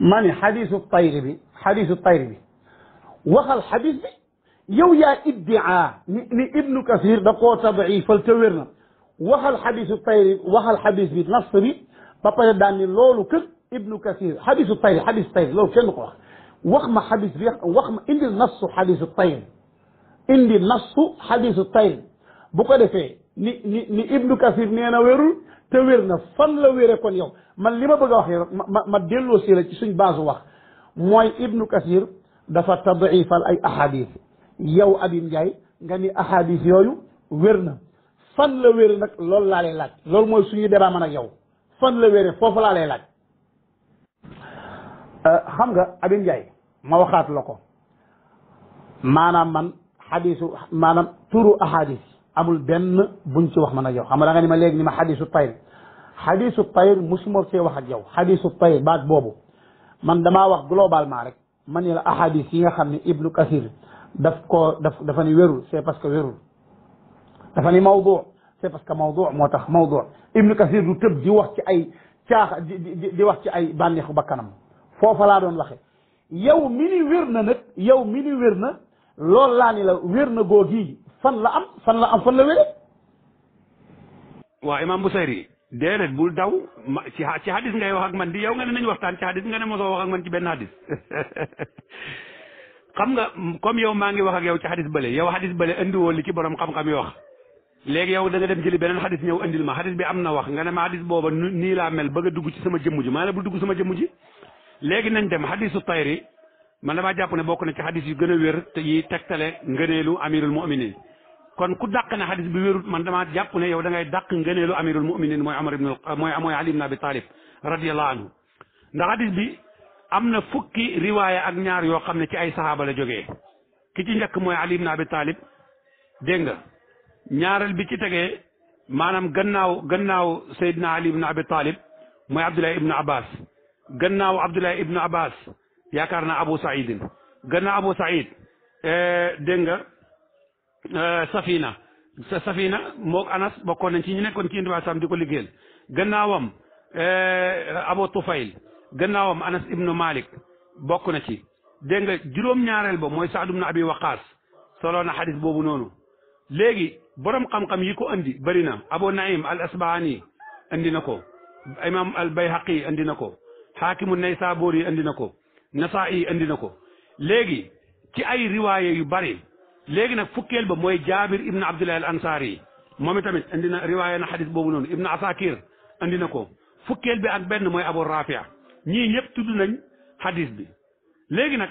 ma ni xadisu tayri bi xadisu tayri bi waxal xadis yow yaa iddia ni ni ibnu kasir da koo tadifal te wér na waxal xadisu tayri bi waxal ba pare daan ni loolu kër ibnu kasir xadisu tayri xadisu tayri loolu kenn ko wax wax ma xadis bi wax ma indil indi nassu xadisu tey bu ko defee ni ni ibnu kasir nee na wérul te wér na fan la wére kon yow man li ma bëgg a wax yow ma ma delloo si la ci suñ baasu wax mooy ibnu kasir dafa tadifal ay ahadis yow abim Ndiaye nga ni ahadis yooyu wér na fan la wér nag loolu laa lay laaj loolu mooy suñuy débat man ak yow fan la wére foofu laa lay laaj euh, xam nga abim Ndiaye ma waxaat la ko maanaam man xadisu maanaam turu ahadis amul benn buñ ci wax man ak yow xam nga da nga ni ma léegi ni ma xadisu tayr xadisu tayr musuma cee wax ak yow xadisu tayr baat boobu man damaa wax globalement rek man ne la ahadis yi nga xam ni ibnu kasir daf ko daf dafa ni wérul c'est parce que wérul dafa ni mawdu c'est parce que mawdu moo tax mawdu ibnu kasir du tëb di wax ci ay caax di di wax ci ay bànneexu bakkanam foofa laa doon waxe yow mi ni wér na nag yow mi ni wér na loolu laa ni la wér na googi fan la am fan la am fan la wére waaw imaam Busayri déedéet bu daw ma ci ci hadis ngay wax ak man di yow nga ne nañu waxtaan ci hadis nga ne mosoo wax ak man ci benn hadis xam nga comme yow maa ngi wax ak yow ci hadis bële yow hadis bële andiwoo li ci borom xam-xam yi wax léegi yow da nga dem jëli beneen hadis ñëw andil ma hadis bi am na wax nga ne ma hadis booba nii laa mel bëgg a dugg ci sama jëmm ji maa bu dugg sama jëmm ji léegi nañ dem hadisu tayri man damaa jàpp ne bokk na ci xadis yu gën a wér te yi tegtale ngëneelu amirul mu'minin kon ku dàq ne xadis bi wérut man damaa jàpp ne yow da ngay dàq ngëneelu amirul mu'minin mooy amar ibn mooy mooy ali ibn abi talib radiallahu anhu ndax xadis bi am na fukki riwaaya ak ñaar yoo xam ne ci ay sahaaba la jógee ki ci njëkk mooy ali ibn abi talib nga ñaareel bi ci tegee maanaam gannaaw gannaaw sayyidina ali ibn abi talib mooy abdullahi ibn abbas gannaaw abdullahi ibn abbas yaakaar naa Abu Saïd gannaaw Abu Saïd eh, dégg nga eh, Safina Safina moog Anas bokkoon nañ ci ñu nekkoon ci indiwaa sam di ko liggéeyal gannaawam eh, Abu Tufayl gannaawam Anas ibnu Malik bokk na ci dégg nga juróom-ñaareel mooy Saad ibnu Abi Waqaas solo na xadis boobu noonu léegi borom xam-xam yi ko andi bari na Abu Naim al Asbahani andi na ko imam al Bayhaqi andi na ko xaakimu Naysaburi andi na ko. Nasaa'i indi na ko léegi ci ay riwaaye yu bari léegi nag fukkeel ba mooy Jaabir ibn Abdullah al Ansaari moom itamit indi na riwaaye na xadis boobu noonu Ibn Asakir indi na ko fukkeel bi ak benn mooy Abu Rafia ñii ñëpp tudd nañ xadis bi léegi nag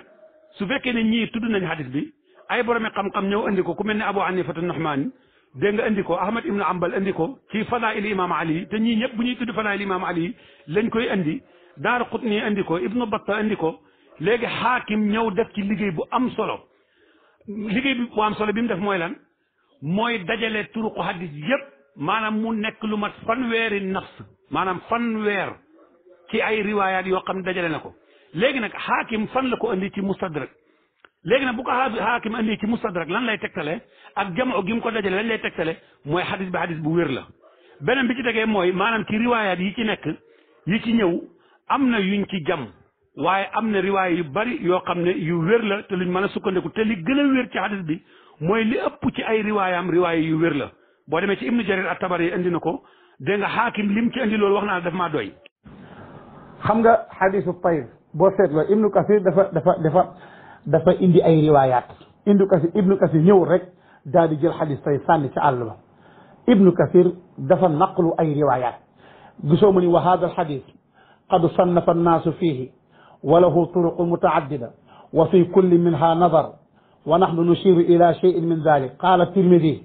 su fekkee ne ñii tudd nañ xadis bi ay boromi xam-xam ñëw indi ko ku mel ne Abu Hanifatu Nuhmaan dégg nga indi ko Ahmad ibn Ambal indi ko ci fadail imam Ali te ñii ñëpp bu ñuy tudd fadail imam Ali lañ koy indi Daaraqutni indi ko Ibnu Batta indi ko léegi xaakim ñëw def ci liggéey bu am solo liggéey bu am solo bi mu def mooy lan mooy dajale turuqu hadis yépp maanaam mu nekk lu mat fanweeri nafs maanaam weer ci ay riwaayaat yoo xam ne dajale na ko léegi nag xaakim fan la ko indi ci mustadrak léegi nag bu ko xaakim indi ci mustadrak lan lay tegtale ak jamoo gi mu ko dajale lañ lay tegtale mooy hadis bi hadis bu wér la beneen bi ci tegee mooy maanaam ci riwaayaat yi ci nekk yi ci ñëw am na yuñ ci jam waaye am na riwaay yu bari yoo xam ne yu wér la te luñ mën a sukkandiku te li gën a wér ci hadis bi mooy li ëpp ci ay riwaayam riwaay yu wér la boo demee ci ibnu jarir at-tabari indi na ko dégg nga xaakim lim ci indi loolu wax naa daf maa doy. xam nga hadisu tayr boo seetloo ibnu kasir dafa dafa dafa dafa indi ay riwaayaat ibnu kasir ñëwul rek daal di jël hadis tayr sànni ci àll ba ibnu kasir dafa naqlu ay riwaayaat gisoo mu ni wa haada al hadis qad sannafa wa lahu turuqu mutaaddida wa fi kulli minha nazar wa nahnu nushiru ila cheyin min dalik qala tirmidi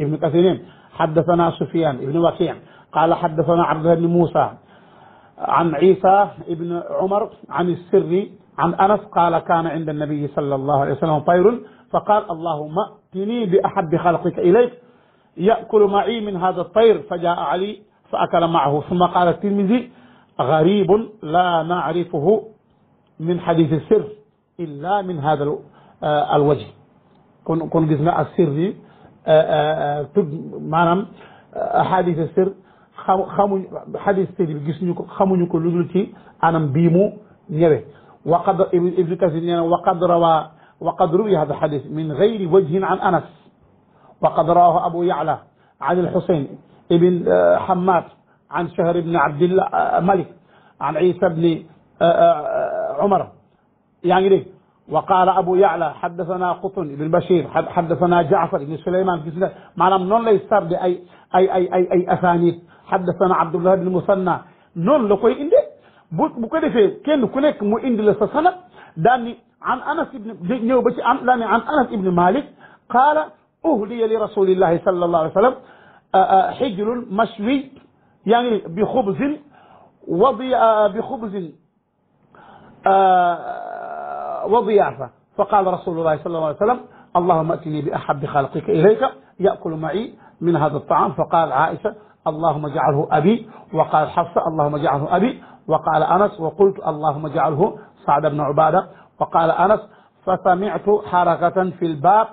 ibnu kasirin xaddathana sufian ibnu waqi qala xaddathana abdullah ibni moussa an isa ibni omar an sirri an anas qala kana inda annabiyi sal allahu alayhi wa sallam tayrun fa qala allahumma tini bi ahabi xalqika ilayk yakulu ma'i min hada tayr fa jaa ali fa akala maahu summa qala tirmidi garibun la narifuhu min xadis sir illa min hada eh, al wajh kon kon gis nga ak sir yi eh, eh, tudd maanaam xadis sir xam xamuñ xadis sir bi gisuñu ko xamuñu ko lu dul ci anam bii mu ñëwee wa qad ibnu kasir nee na wa qad rawa wa qad ruwiya hada xadis min gayri wajhin an anas wa qad rawahu abu yaala an alxusayn ibn hamad an shahr ibn abdillah malik an isa ibni Omar yaa ngi dégg wa qaala Abu Yaala xaddasanaa Qutun ibn Bachir xaddasanaa Jaafar ibn Souleymane gis nga maanaam noonu lay sarde ay ay ay ay ay asaanid xaddasanaa Abdullah ibn Musanna noonu la koy inde bu bu ko defee kenn ku nekk mu indi la sa sanad daan ni an Anas ibn ñëw ba ci am daan ni an Anas ibn Malik qaala uhliya li rasulillahi sallallahu alayhi wa sallam xijlun mashwi yaa ngi bi xubzin wadiya bi xubzin وضيافة فقال رسول الله صلى الله عليه وسلم اللهم ائتني بأحب خلقك إليك يأكل معي من هذا الطعام فقال عائشة اللهم اجعله أبي وقال حفصة اللهم اجعله أبي وقال أنس وقلت اللهم اجعله سعد بن عبادة وقال أنس فسمعت حركة في الباب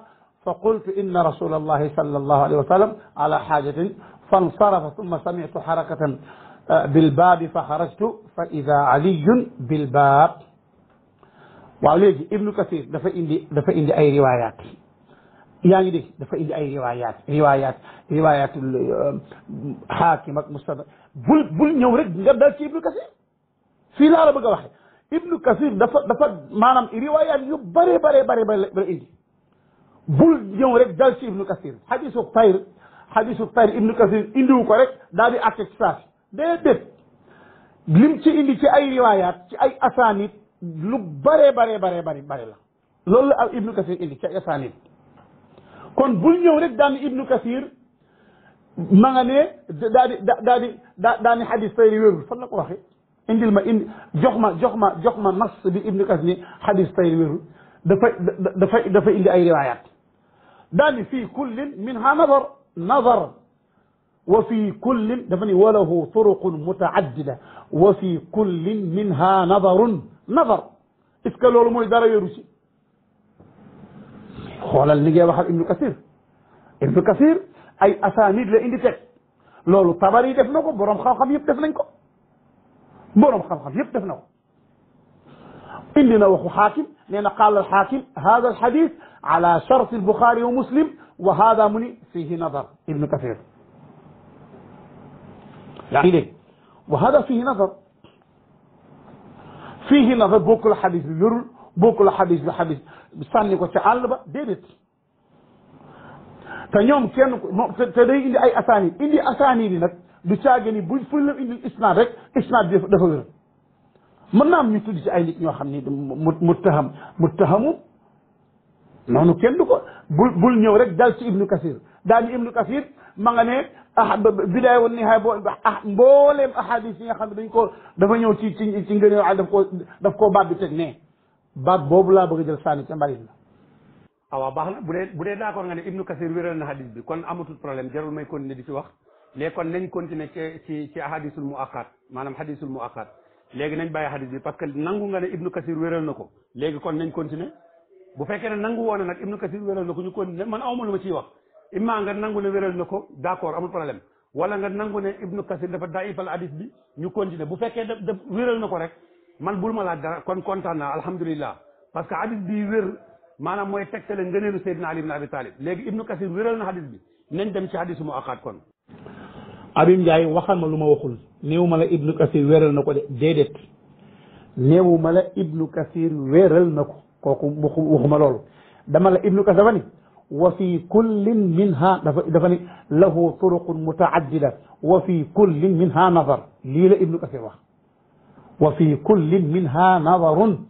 فقلت إن رسول الله صلى الله عليه وسلم على حاجة فانصرف ثم سمعت حركة Ah, bilbaabi fa xarajtu fa ida aliyun bilbaab waaw léegi ibnu kasir dafa indi dafa indi ay riwaayaat yaa ngi dégg dafa indi ay riwaayaat riwaayaat riwaayatul xaakim eh, ak mustadrak bul bul ñëw rek nga dal ci ibnu kasir fii laa la bëgg a waxe ibnu kasir dafa dafa maanaam riwaayaat yu bare bare bare bare indi bul ñëw rek dal ci ibnu kasir xadisu tayr xadisu tayr ibnu kasir indiwu ko rek daal di àtte ci saasi déedéet lim ci indi ci ay riwaayaat ci ay asaanit lu bare bare bare bare bare la loolu la al ibnu kasir indi ci ay kon bul ñëw rek daan ibnu kasir ma nga ne tayri wérul fan la ko waxe indil ma indi jox ma jox ma jox ma nas bi ibnu kasir ni xadis tayri wérul dafa dafa indi ay riwaayaat daani fii kullin minha nazar nazar wa fi kullin dafa ni walahu turuqun mutaaddida wa fi kullin minha nadarun nadar est ce que loolu mooy dara yoru ci xoolal li ngay wax ak ibnu kasir ibnu kasir ay asanid la indi teg loolu tabari def na ko boroom xam-xam yëpp def nañ ko boroom xam-xam yëpp def na ko indi na waxu xaakim nee na qaala alxaakim hada alxadis ala shart albuxaari wa muslim wa hada mu ni fihi nadar ibnu kasir yaa ngi dégg wa hada fihi nazar fihi nazar bokkul xadis bi wérul bokkul xadis bi xadis sànni ko ca àll ba déedéet te ñoom kenn ku moom te day indi ay asaanid indi asaanid yi nag du caage ni buñ fuñ la indil isnaad rek isnaad bi dafa wér mën naa am ñu tudd ci ay nit ñoo xam ni mu muttaham muttahamu noonu kenn du ko bul bul ñëw rek dal ci ibnu kasir daal ni ibnu kasir ma nga ne ah bidaaya wa nihaaya boo ah mbooleem ahadis yi nga xam ne dañ ko dafa ñëw ci ci ci ngëneel ak daf koo daf koo baat bi teg ne baat boobu laa bëgg a jël sànni ca mbalit la ah baax na bu dee bu dee d'accord nga ne Ibnu Kasir wéral na bi kon amatul problème jarul may di ci wax kon nañ continuer ci ci ci ahadisul muaqat maanaam hadisul muaqat léegi nañ bàyyi hadis bi parce que nangu nga ne Ibnu Kasir wéral na ko léegi kon nañ continuer bu fekkee ne nangu woon nag Ibnu Kasir wéral na ko ñu continuer man awma lu ciy wax imma nga nangu ne wéral na ko d'accord amul problème wala nga nangu ne ibnu kasir dafa daifal hadis bi ñu continuer bu fekkee daf daf wéral na ko rek man bul ma laaj dara kon kontaan naa alhamdulillah parce que hadis bi wér maanaam mooy tegtale ngëneelu Seydina Ali ibn Abi Talib léegi ibnu kasir wéral na hadis bi nañ dem ci hadisu mu akaat kon Abim Ndiaye waxal ma lu ma waxul néew ma la ibnu kasir wéral na ko de déedéet néewu ma la ibnu kasir wéral na ko kooku waxuma loolu dama la ibnu kasir dafa ni wa fi kullin minha dafa dafa ne lahu turuqun mutaaddida wa fi kullin minha nazar lii la ibnu kasir wax wa fi kullin minha nazarun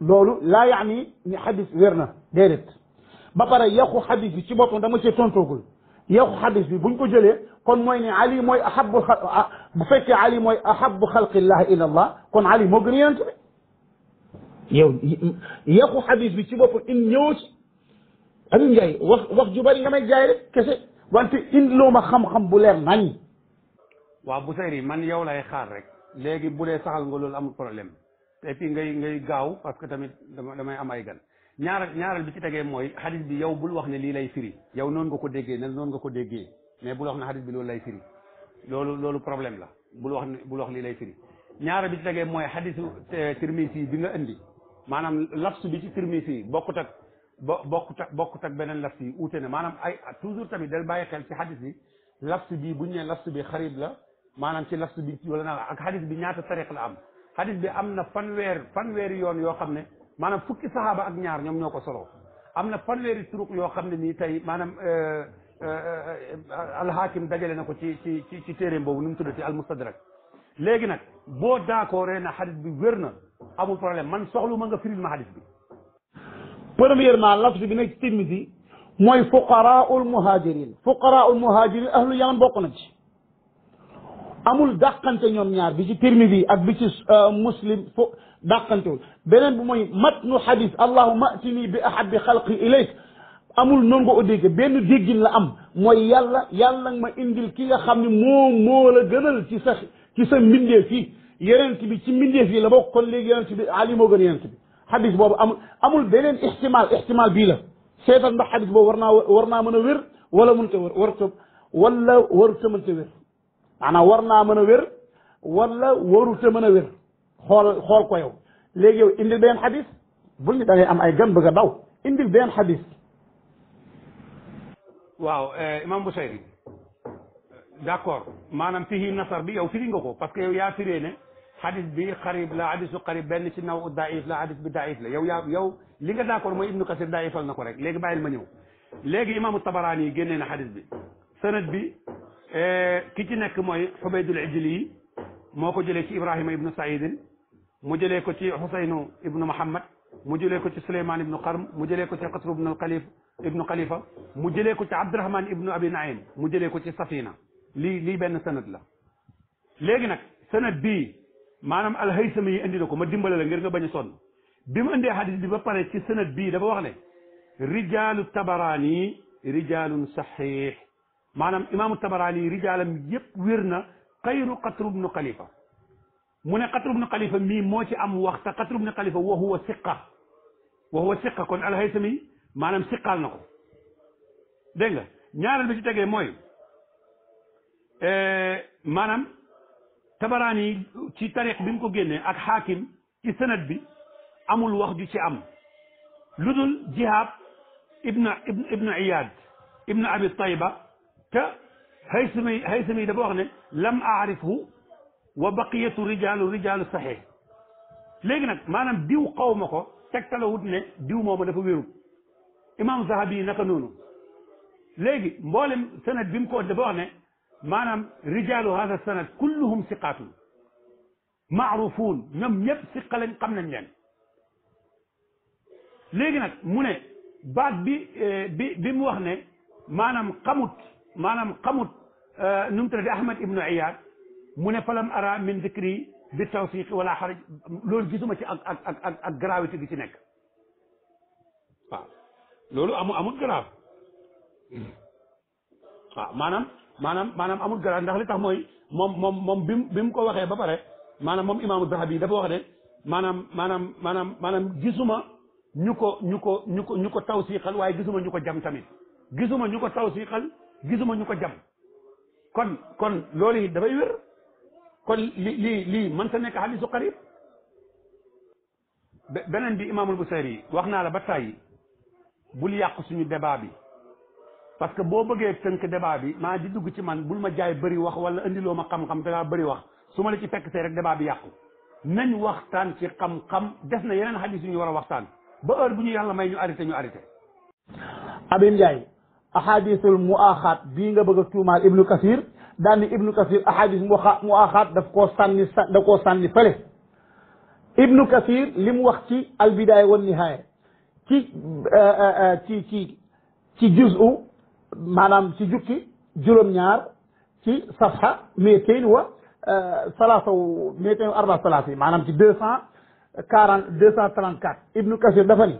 loolu laa yaani ni xadis wér na déedéet ba pare yàqu xadis bi ci boppam dama cee tontoogul yàqu xadis bi buñ ko jëlee kon mooy ne ali mooy ahabu ah, bu fekkee ali mooy ahabu xalqillah ila allah kon ali moo gën a yonent bi yow yàqu xadis bi ci boppam in ñëw ci Habib Ndiaye wax wax ju bari nga may jaay rek kese wante indiloo xam-xam bu leer nañ waaw bu yi man yow lay xaar rek léegi bu dee saxal nga loolu amul problème et puis ngay ngay gaaw parce que tamit damay am ay gan ñaaral ñaaral bi ci tegee mooy xadis bi yow bul wax ne lii lay firi yow noonu nga ko déggee ne noonu nga ko déggee mais bul wax ne xadis bi loolu lay firi loolu loolu problème la bul wax ne bul wax lii lay firi ñaaral bi ci tegee mooy xadisu eh, tirmisi bi nga indi maanaam lafsu bi ci tirmisi bokkut ak bo bokkut ak bokkut ak beneen lafs yi uute na maanaam ay toujours tamit del bàyyi xel ci xadis bi lafs bi bu ñu nee lafs bi xarib la maanaam ci lafs bi wala na ak xadis bi ñaata tariq la am xadis bi am na fanweer fanweeri yoon yoo xam ne maanaam fukki saxaaba ak ñaar ñoom ñoo ko solo am na fanweeri turuq yoo xam ne nii tey maanaam euh, euh, euh, alxaakim dajale na ko ci ci ci ci téeréem boobu nu mu tuddati almustadrak léegi nag boo d' accord na xadis bi wér na amul problème man soxlu ma nga firil ma xadis bi premièrement lafz bi nekk ci Tirmisi mooy fuqaraul muhajirin fuqaraul muhajirin ahlu yaman bokk na amul dàqante ñoom ñaar bi ci Tirmisi ak bi ci euh, muslim fu beneen bi mooy matnu xadis allahuma atini bi ahabi xalqi ilayk amul noonu nga ko dégg benn déggin la am mooy yàlla yàlla nga ma indil ki nga xam ne moom moo la gënal ci sa ci sa mbindeef yi yeneen bi ci mbindeef yi la bokk kon léegi yeneen bi ali moo gën yeneen bi xadis boobu amul amul beneen ixtimaal ixtimaal bii la seetal ndax xadis boobu war naa war naa mën a wér wala mënut a wér warut a wala warut a mënut a war naa mën a wér wala warut a mën a wér xool xool ko yow léegi yow indil ben xadis bul ñu am ay gan bëgg daw indil benn xadis. waaw euh, Imam Busayri d' accord maanaam fii nasar bi yow firi nga ko parce que yow yaa firee ne. xadis bi xarib la xadisu xarib benn ci naw daif la xadis bi daif la yow yaa yow li nga d'accord mooy ibnu kasir daifal na ko rek léegi bàyyil ma ñëw léegi imaamu tabaraani yi génnee na xadis bi sanad bi eh, ki ci nekk mooy xubaydul ijli yi moo ko jëlee ci ibrahima ibnu saidin mu jëlee ko ci xusaynu ibnu muhammad mu jëlee ko ci suleyman ibnu qarm mu jëlee ko ci xatru ibnu xalif ibnu xalifa mu jëlee ko ci abdurahman ibnu abi naim mu jëlee ko ci safina lii lii benn sanad la léegi nag sanad bii maanaam alhaysami yi indi ko ma dimbale la ngir nga bañ a sonn bi mu indee xadis bi ba pare ci sanad bii dafa wax ne rijaalu tabaraani rijaalun saxiix maanaam imaamu tabaraani rijaalam yépp wér na xayru qatru bnu xalifa mu ne qatru bnu xalifa mii moo ci am wax te qatru bnu xalifa wa huwa siqa wa kon alhaysami maanaam siqaal na ko dégg nga ñaareel bi ci tegee mooy eh, maanaam tabaraani yi ci tariix bi mu ko génnee ak xaakim ci sanad bi amul wax ju ci am lu dul jihaab ibn ibn iyaad ibn abi tayba te haysami haysami dafa wax ne lam aarifhu wa baqiyatu rijaalu rijaalu saxiix léegi nag maanaam diw xaw ma ko tegtalawut ne diw mooma dafa wérul imaam zahabi yi naka noonu léegi mboolem sanad bi mu ko dafa wax ne maanaam rijaalu hada sanad kulluhum siqaatun maarufuun ñoom ñëpp siqa lañ xam nañ leen léegi nag mu ne baat bi e, bi bi mu wax ne maanaam xamut maanaam xamut e, nu mu tuddati Ahmad ibnu Iyaad mu ne falam ara min dikri bi tawsiq wala xaraj loolu gisuma ci ak ak ak ak gravité gi ci nekk waaw loolu amu amut grave waaw maanaam maanaam maanaam amul garaat ndax li tax mooy moom moom moom bi mu bi ko waxee ba pare maanaam moom imaamu Dahabi dafa wax ne maanaam maanaam maanaam maanaam gisuma ñu ko ñu ko ñu ko ñu ko taw siixal waaye gisuma ñu ko jam tamit gisuma ñu ko taw siixal gisuma ñu ko jam kon kon loolu it dafay wér kon li lii lii man sa nekk xadiisu xarib beneen bi imaamul Busayri yi wax naa la ba tàyyi bul yàq suñu débat bi parce que boo bëggee tënk débat bi maa di dugg ci man bul ma jaay bëri wax wala indiloo ma xam-xam dangaa bëri wax su ma la ci fekk see rek débat bi yàqu nañ waxtaan ci xam-xam des na yeneen xadis yu ñu war a waxtaan ba heure bu ñu yàlla may ñu arrêté ñu arrêté Abim Ndiaye ahadisul muaxaat bii nga bëgg a tuumaal ibnu kasir daal ni ibnu kasir ahadis muaxaat daf koo sànni da koo sànni fële ibnu kasir wax ci albidaaya wan nihaaya ci euh, euh, euh, juzu maanaam ci jukki juróom-ñaar ci safha mi'atayn wa euh, salaasa mi'atayn wa arba salaasi maanaam ci deux cent quarante deux cent trente quatre ibnu kasir dafa ni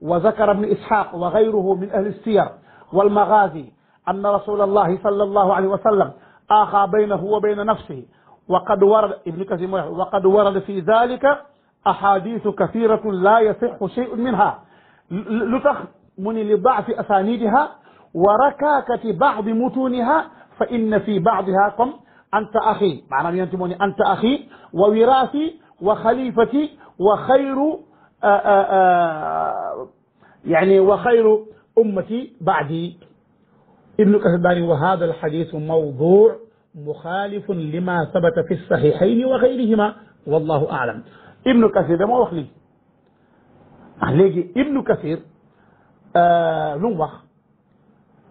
wa zakara ibnu ishaq wa gayruhu min ahli siyar wal maghazi anna rasula allahi sallallahu alayhi wa sallam aaxaa baynahu wa bayna nafsihi wa qad warada ibnu kasir mooy wa qad warada fi dalika ahadithu kathiratun la yasixu shay'un minha lu tax mu ni li daafi asanidiha wa rakaakati ba'di mutuniha fa inna fi ba'diha comme anta axi maanaam yonente moo ne anta axi wa wiraasi wa xalifati wa xayru yani wa xayru ummati ba'di ibnu kasir daani wa hada alxadisu mawdu muxaalifun lima sabata fi saxiixayni wa xayrihima wallahu aalam ibnu kasir dama wax lii ah léegi ibnu kasir lu mu wax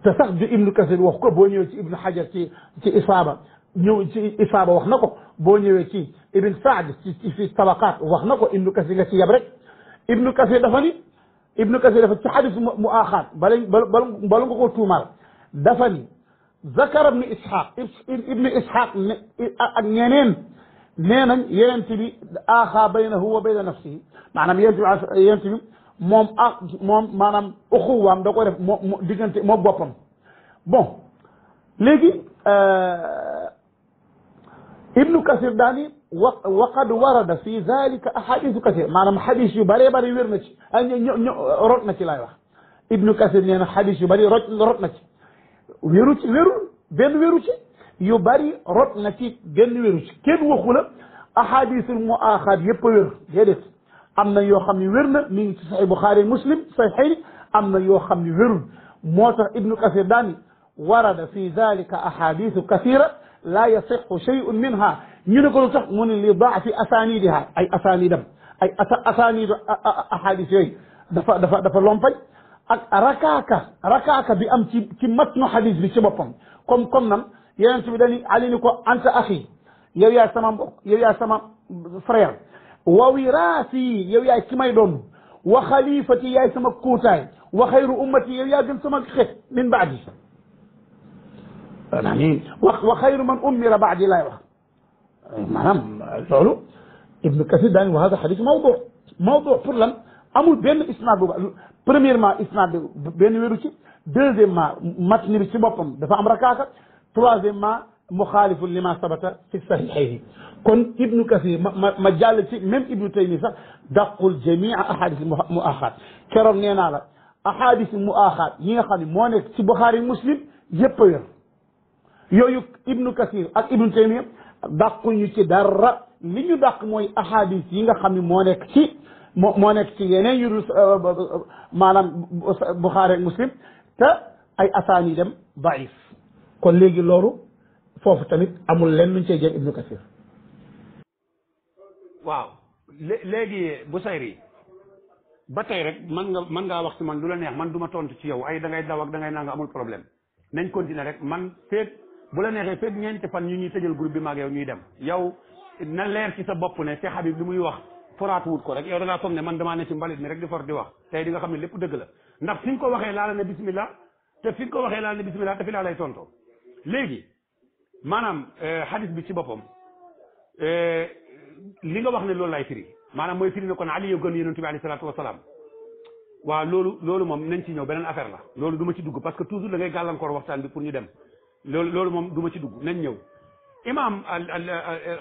te sax du ibnu kasir wax ko boo ñëwee ci ibnu xajar ci ci isaaba ñëw ci isaaba wax na ko boo ñëwee ci ibn saad ci ci tabaqaat wax na ko ibnu kasir nga ci yab rek ibnu kasir dafa ni ibnu kasir dafa ci xadis mu aaxaat bala bala nga koo tuumaal dafa ni zakara ibnu ishaq ibnu ishaq ak ñeneen nee nañ yenent bi aaxaa baynahu wa bayna nafsihi maanaam yenent bi yenent bi moom ah moom maanaam uxuwaam da ko def moo moo diggante moo boppam bon léegi euh, ibnu kasir daani wa waqad warada fi zalika ahadisu kasir maanaam xadis yu bëree bëri wér na ci ño rot na ci laay wax ibnu kasir nee na xadis yu bëri rot rot na ci wéru ci wérul benn wéru ci yu bëri rot na ci benn wéru ci kenn waxu la ahadisul muaxad yëpp a wér déedéet am na yoo xam ne wér na mi ngi ci saxi Buxaari Muslim saxiixayni am na yoo xam ne wérul moo tax Ibnu Kasir daani warada fi dalika ahadisu kasira laa yasixu shay'un minha ñu ne ko lu tax mu ne li daafi asanidiha ay asanidam ay asanidu ahadis yooyu dafa dafa dafa lompañ ak rakaaka rakaaka bi am ci ci matnu xadis bi ci boppam comme comme nan yeneen bi dañu ali ni ko anta axi yow yaay sama mbokk yow yaay sama frère wa wiraasi yow yaay ki may doon wa xalifati yaay sama kuutaay wa xayru ummati yow yaa gën sama xeet min baadi maanaam wa xayru man ummira baadi laay wax maanaam loolu ibnu kasir daan wa hada xadis mawdu mawdu pour lan amul benn isnaad bu premièrement isnaad bi benn wéru ci deuxièmement matni bi ci boppam dafa am rakaaka troisièmement muxaalifu lima sabata fi saxiixayni kon ibnu kasir ma ma ma jàll ci même ibnu taymi sax daqul jamia ahadis mu axaat keroog nee naa la ahadis mu axaat yi nga xam ne moo ci buxaari muslim yépp a wér yooyu ibnu kasir ak ibnu taymi dàquñu ci dara li ñu dàq mooy ahadis yi nga xam ne moo nekk ci moo moo nekk ci yeneen yu dul euh, euh, euh, maanaam buxaari ak muslim te ay asaani dem daif kon léegi loolu foofu tamit amul lenn luñ see jël ibnu kasir waaw léegi bu sayri ba tey rek mën nga man ngaa wax ci man lu la neex man du ma tontu ci yow ay da ngay daw ak da ngay nanga amul problème nañ continuer rek man feeg bu la neexee feeg ñeenti fan ñu ñuy tëjal groupe bi maag yow ñuy dem yow na leer ci sa bopp ne Cheikh Habib li muy wax foraat wut ko rek yow da ngaa foog ne man damaa ne ci mbalit mi rek di for di wax tey di nga xam ne lépp dëgg la ndax fi ko waxee laa la te fi ko waxee laa la ne bismillah te lay tontoo léegi maanaam euh, hadith bi ci boppam euh, li nga wax ne loolu lay firi maanaam mooy firi ne kon ali yow gën yonent bi alayhi salaatu wa salaam waaw loolu loolu moom nañ ci ñëw beneen affaire la loolu du ma ci dugg parce que toujours da ngay gàllankoor waxtaan bi pour ñu dem loolu loolu moom du ma ci dugg nañ ñëw imam al al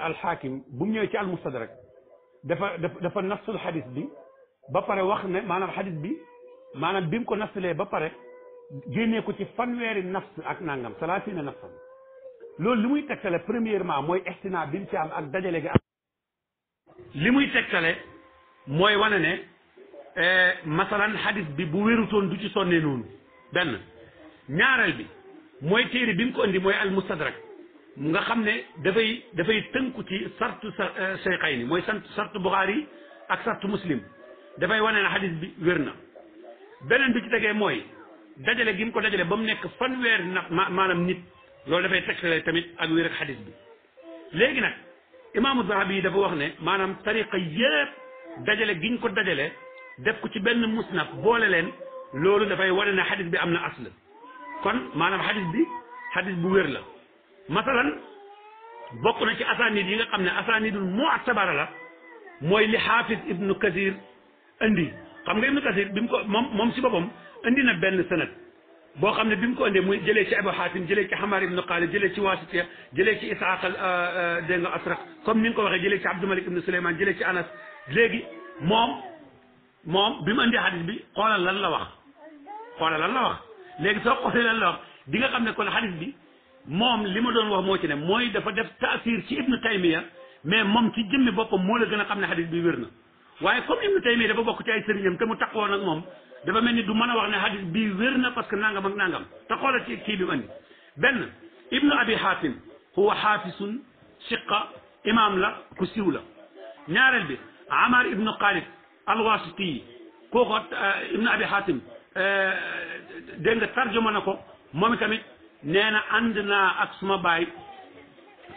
al xaakim bu mu ñëwee ci al rek dafa dafa dafa nasul xadis bi ba pare wax ne maanaam xadis bi maanaam bi mu ko nasulee ba pare génnee ci fanweeri nafs ak nangam salaasina nafsan loolu lu muy tegtale premièrement mooy estinaa bi mu ci am ak dajale gi am li muy tegtale mooy wane ne eh, masalan hadis bi bu wérutoon du ci sonnee noonu benn ñaareel bi mooy téere bi mu ko indi mooy al mustadrak nga xam ne dafay dafay tënku ci sartu Sayxayni eh, mooy sant sartu Buxaari ak sart Muslim dafay wane ne hadis bi wér na beneen bi ci tegee mooy dajale gi mu ko dajale ba mu nekk fanweer na maanaam nit loolu dafay tegtale tamit ak wér ak xadis bi léegi nag imaamu a yi dafa wax ne maanaam tariqa yëpp dajale giñ ko dajale def ko ci benn musnaf boole leen loolu dafay wane na xadis bi am na asl kon maanaam xadis bi xadis bu wér la masalan bokk na ci asanid yi nga xam ne asanidul mu'tabara la mooy li xaafis ibnu kasir indi xam nga ibnu kasir bi mu moom moom si boppam indi na benn sanad boo xam ne bi mu ko indee muy jëlee ci Abu Hatim jëlee ci Hamar ibn Qalib jëlee ci Wasitiya jëlee ci Isaaq euh, euh, dégg nga Asraq comme ni nga ko waxee jëlee ci Abdou Malik ibn Souleymane jëlee ci Anas léegi moom moom bi mu indee xadis bi xoolal lan la wax xoolal lan la wax léegi soo xoolee lan la wax di nga xam ne kon xadis bi moom li ma doon wax moo ci ne mooy dafa def taasir ci Ibnu Taymiya mais moom ci jëmmi boppam moo la gën a xam ne xadis bi wér na waaye comme Ibnu Taymiya dafa bokk ci ay sëriñam te mu taqoo nag moom dafa mel ni du mën a wax ne hadis bii wér na parce que nangam ak nangam te xoolal ci kii bi mu andi benn ibnu abi xaatim huwa xaafisun siqa imaam la ku siw la ñaareel bi amar ibnu xaalid alwasiti yi kooku euh, ibnu abi xaatim euh, dégg tarjuma na ko moom tamit nee na ànd ak suma baay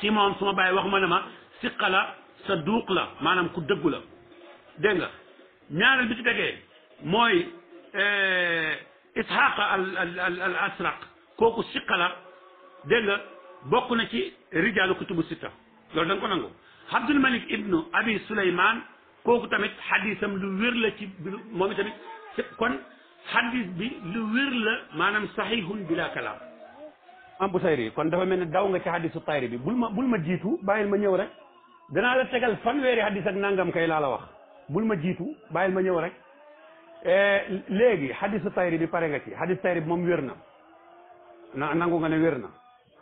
ci suma baay wax ma ne ma siqa la sa duuq la maanaam ku dëggu la dégg nga bi ci mooy isxaqa al asraq kooku siqala dégg nga bokk na ci rijaalu kutubu sitta loolu da nga ko nangu abdul malik ibnu abi suleyman kooku tamit xadisam lu wér la ci moom i tamit kon xadis bi lu wér la maanaam saxiihun bila kalaam am bu kon dafa mel ne daw nga ci xadisu tayri bi bul ma bul ma jiitu bàyyil ma ñëw rek danaa la tegal fanweeri xadis ak nangam kay laala wax bul ma jiitu bàyyil ma ñëw rek Eh, léegi xadisu tayri bi pare nga ci xadis tayri bi moom wér na na nangu nga ne wér na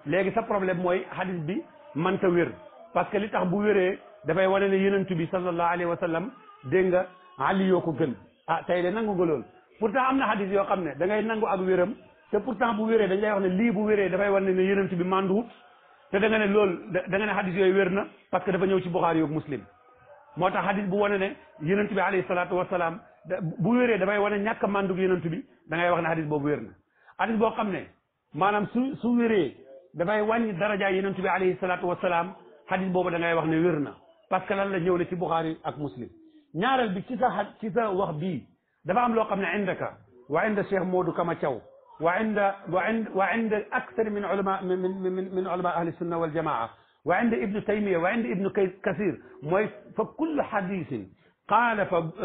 léegi sa problème mooy xadis bi mënta wér parce que li tax bu wéree dafay wane ne yonent bi sallallahu alayhi wa sallam dégg nga ali yoo ko gën ah tey de nangu nga loolu pourtant am na xadis yoo xam ne da ngay nangu ak wéram te pourtant bu wéree dañ lay wax ne lii bu wéree dafay wane ne yonent bi mànduwut te da loolu da nga ne wér na parce que dafa ñëw ci Buxaari yoog muslim moo tax xadis bu wane ne yonent bi alayhi salaatu wasalaam bu wéree damay wane ñàkk màndug yonent bi da ngay wax ne hadis boobu wér na hadis boo xam ne maanaam su su wéree dafay wàññi darajaay yonent bi alayhi salaatu wa salaam hadis boobu da ngay wax ne wér na parce que lan la ñëw ne ci Buxaari ak Muslim ñaareel bi ci sa a ci sa wax bii dafa am loo xam ne indaka wa inda Cheikh Modou Kama Thiaw wa inda wa inda wa inda akthar min ulama min min min ulama ahli sunna wal jamaa wa inda ibnu taymiya wa inda ibnu kasir mooy fa kullu hadisin قال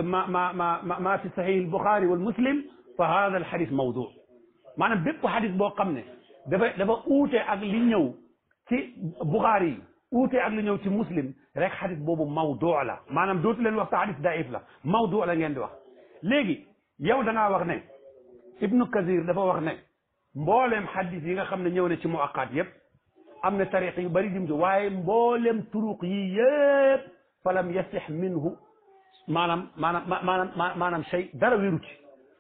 ما ma ma ma fi sahih al-Bukhari wal Muslim fa hada al xadis mawdu maanaam bépp xadis boo xam ne dafa dafa uute ak li ñëw ci Bukhari yi uute ak li ñëw ci Muslim rek xadis boobu mawdu la maanaam dootu leen wax sa xadis daif la mawdu la ngeen di wax léegi yow da ngaa wax ne Ibnu Kazir dafa wax ne mboolem xadis yi nga xam ne ñëw na ci muaqaat yépp am na tariq yu bëri jëm ci waaye mboolem turuq yi yépp falam yasix minhu maanaam maanaam maanaam maanaam shay dara wéru ci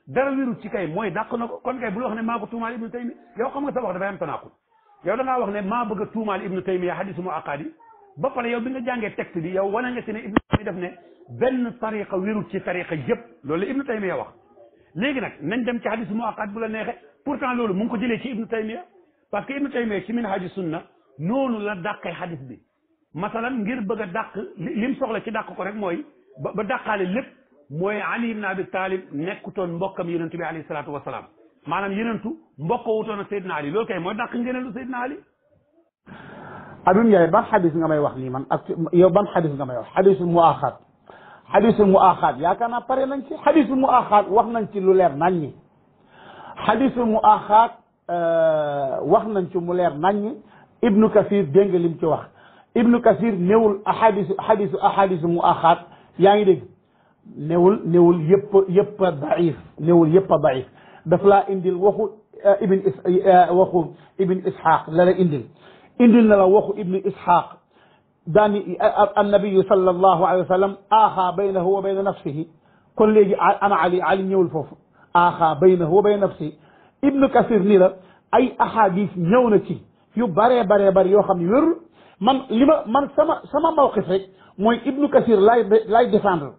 dara wéru ci kay mooy dàq na ko kon kay bul wax ne maa ko tuumaal ibnu taymiya yow xam nga sa wax dafay am tanaqul yow da ngaa wax ne maa bëgg a tuumaal ibnu taymiya hadisu mu aqaadi ba pare yow bi nga jàngee texte bi yow wane nga ci ne ibnu taymiya def ne benn tariqa wéru ci tariqa yëpp loolu la ibnu taymiya wax léegi nag nañ dem ci hadisu mu aqaad bu la neexee pourtant loolu mu ngi ko jëlee ci ibnu taymiya parce que ibnu taymiya ci minhaaju sunna noonu la dàqee hadis bi masalan ngir bëgg a dàq lim soxla ci dàq ko rek mooy ba ba dàqaale lépp mooy Ali ibn Abi Talib nekkutoon mbokkam yonentu bi alayhi salaatu wa salaam maanaam yonentu mbokkoo wutoon ak Seydina Ali loolu kay mooy dàq ngeenelu Seydina Ali. Abim Ndiaye ban xadis nga may wax nii man ak yow ban xadis nga may wax xadisul muaxaat xadisul muaxaat yaakaar naa pare nañ ci xadisul muaxaat wax nañ ci lu leer nañ ñi xadisul muaxaat euh, wax nañ ci mu leer nañ ñi Ibnu Kasir dégg nga wax Ibnu Kasir néewul ahadisu xadisu ahadisu muaxaat yaa ngi dégg newul newul yëpp yëpp a daif newul yëpp a daif daf laa indil waxu eh, ibn eh, waxu ibn ishaq la la indil indil na la waxu ibn ishaq daani eh, annabiyu sallallahu alayhi wa sallam aaxaa baynahu wa bayna nafsihi kon léegi ana ali ali ñëwul foofu aaxaa baynahu wa bayna nafsihi ibnu kasir nii la ay ahadis ñëw na ci yu baree baree bari yoo xam ne wérul man li ma man sama sama mawqif rek mooy Ibnu Kasir lay lay défendre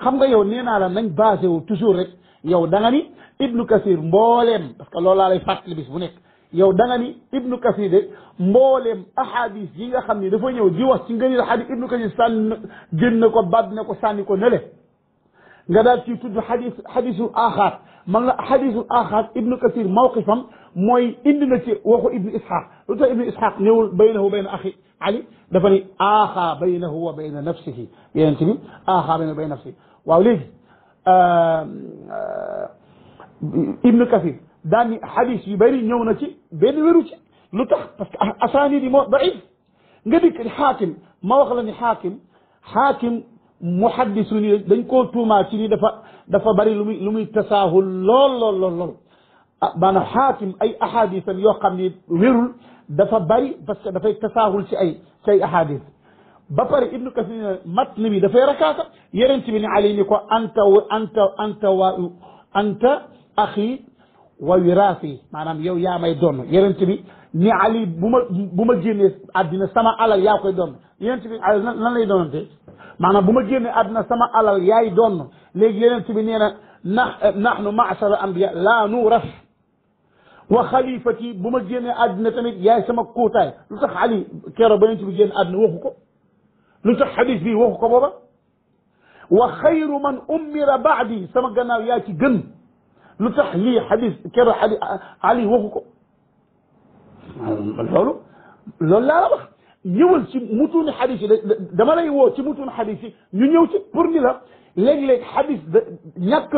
xam nga yow nee naa la nañ basé wu toujours rek yow da nga ni Ibnu Kasir mbooleem parce que loolu laa lay fàttali bis bu nekk yow da nga ni Ibnu Kasir de mbooleem ahadis yi nga xam ni dafa ñëw di wax ci ngëneel xadis Ibnu Kasir sànni génn na ko bàbb na ko sànni ko nële nga daal ci tudd xadis xadisul axaat man la xadisul axaat Ibnu Kasir mawqifam mooy indi na ci waxu Ibnu Isxaaq lu tax Ibnu Isxaaq ñëwul baynahu bayna axi ali dafa ni aaxaa baynahu wa bayna nafsihi yeneen bi aaxaa baynahu wa bayna nafsihi waaw léegi euh, ibnu kasir daan ni xadis yu bëri ñëw na ci benn wéru ci lu tax parce que asaanid yi moo daif nga dikk xaakim ma wax la ni xaakim xaakim muhaddisu ni dañ koo tuumaa ci ni dafa dafa bëri lu muy lu muy tasaahul lool lool lool lool ah, maanaam xaakim ay ahadisam yoo xam ni wérul dafa bari parce que dafay tasaahul ci ay ci ay ahadis ba pare ibnu kasir ne matn bi dafay rakaata yonent bi ne ali ni ko anta anta anta wa anta axi wa wiraasi maanaam yow yaa may donn yonent bi ni ali bu ma bu ma génnee àddina sama alal yaa koy donn yonent bi ali lan lay doonante maanaam bu ma génnee àddina sama alal yaay donn léegi yonent bi nee na nax eh, nahnu maasara anbiya laa nu ras wa xalifati bu ma génnee àddina tamit yaay sama kuutaay lu tax ali keroog ba yonent bi génn àddina waxu ko lu tax xadis bi waxu man ummira baadi sama gannaaw yaa ci gën lu tax lii xadis keroog ali ali waxu ko loolu loolu dama lay woo ci mutuuni xadis yi ñëw ci pour ni la léeg-léeg xadis da ñàkk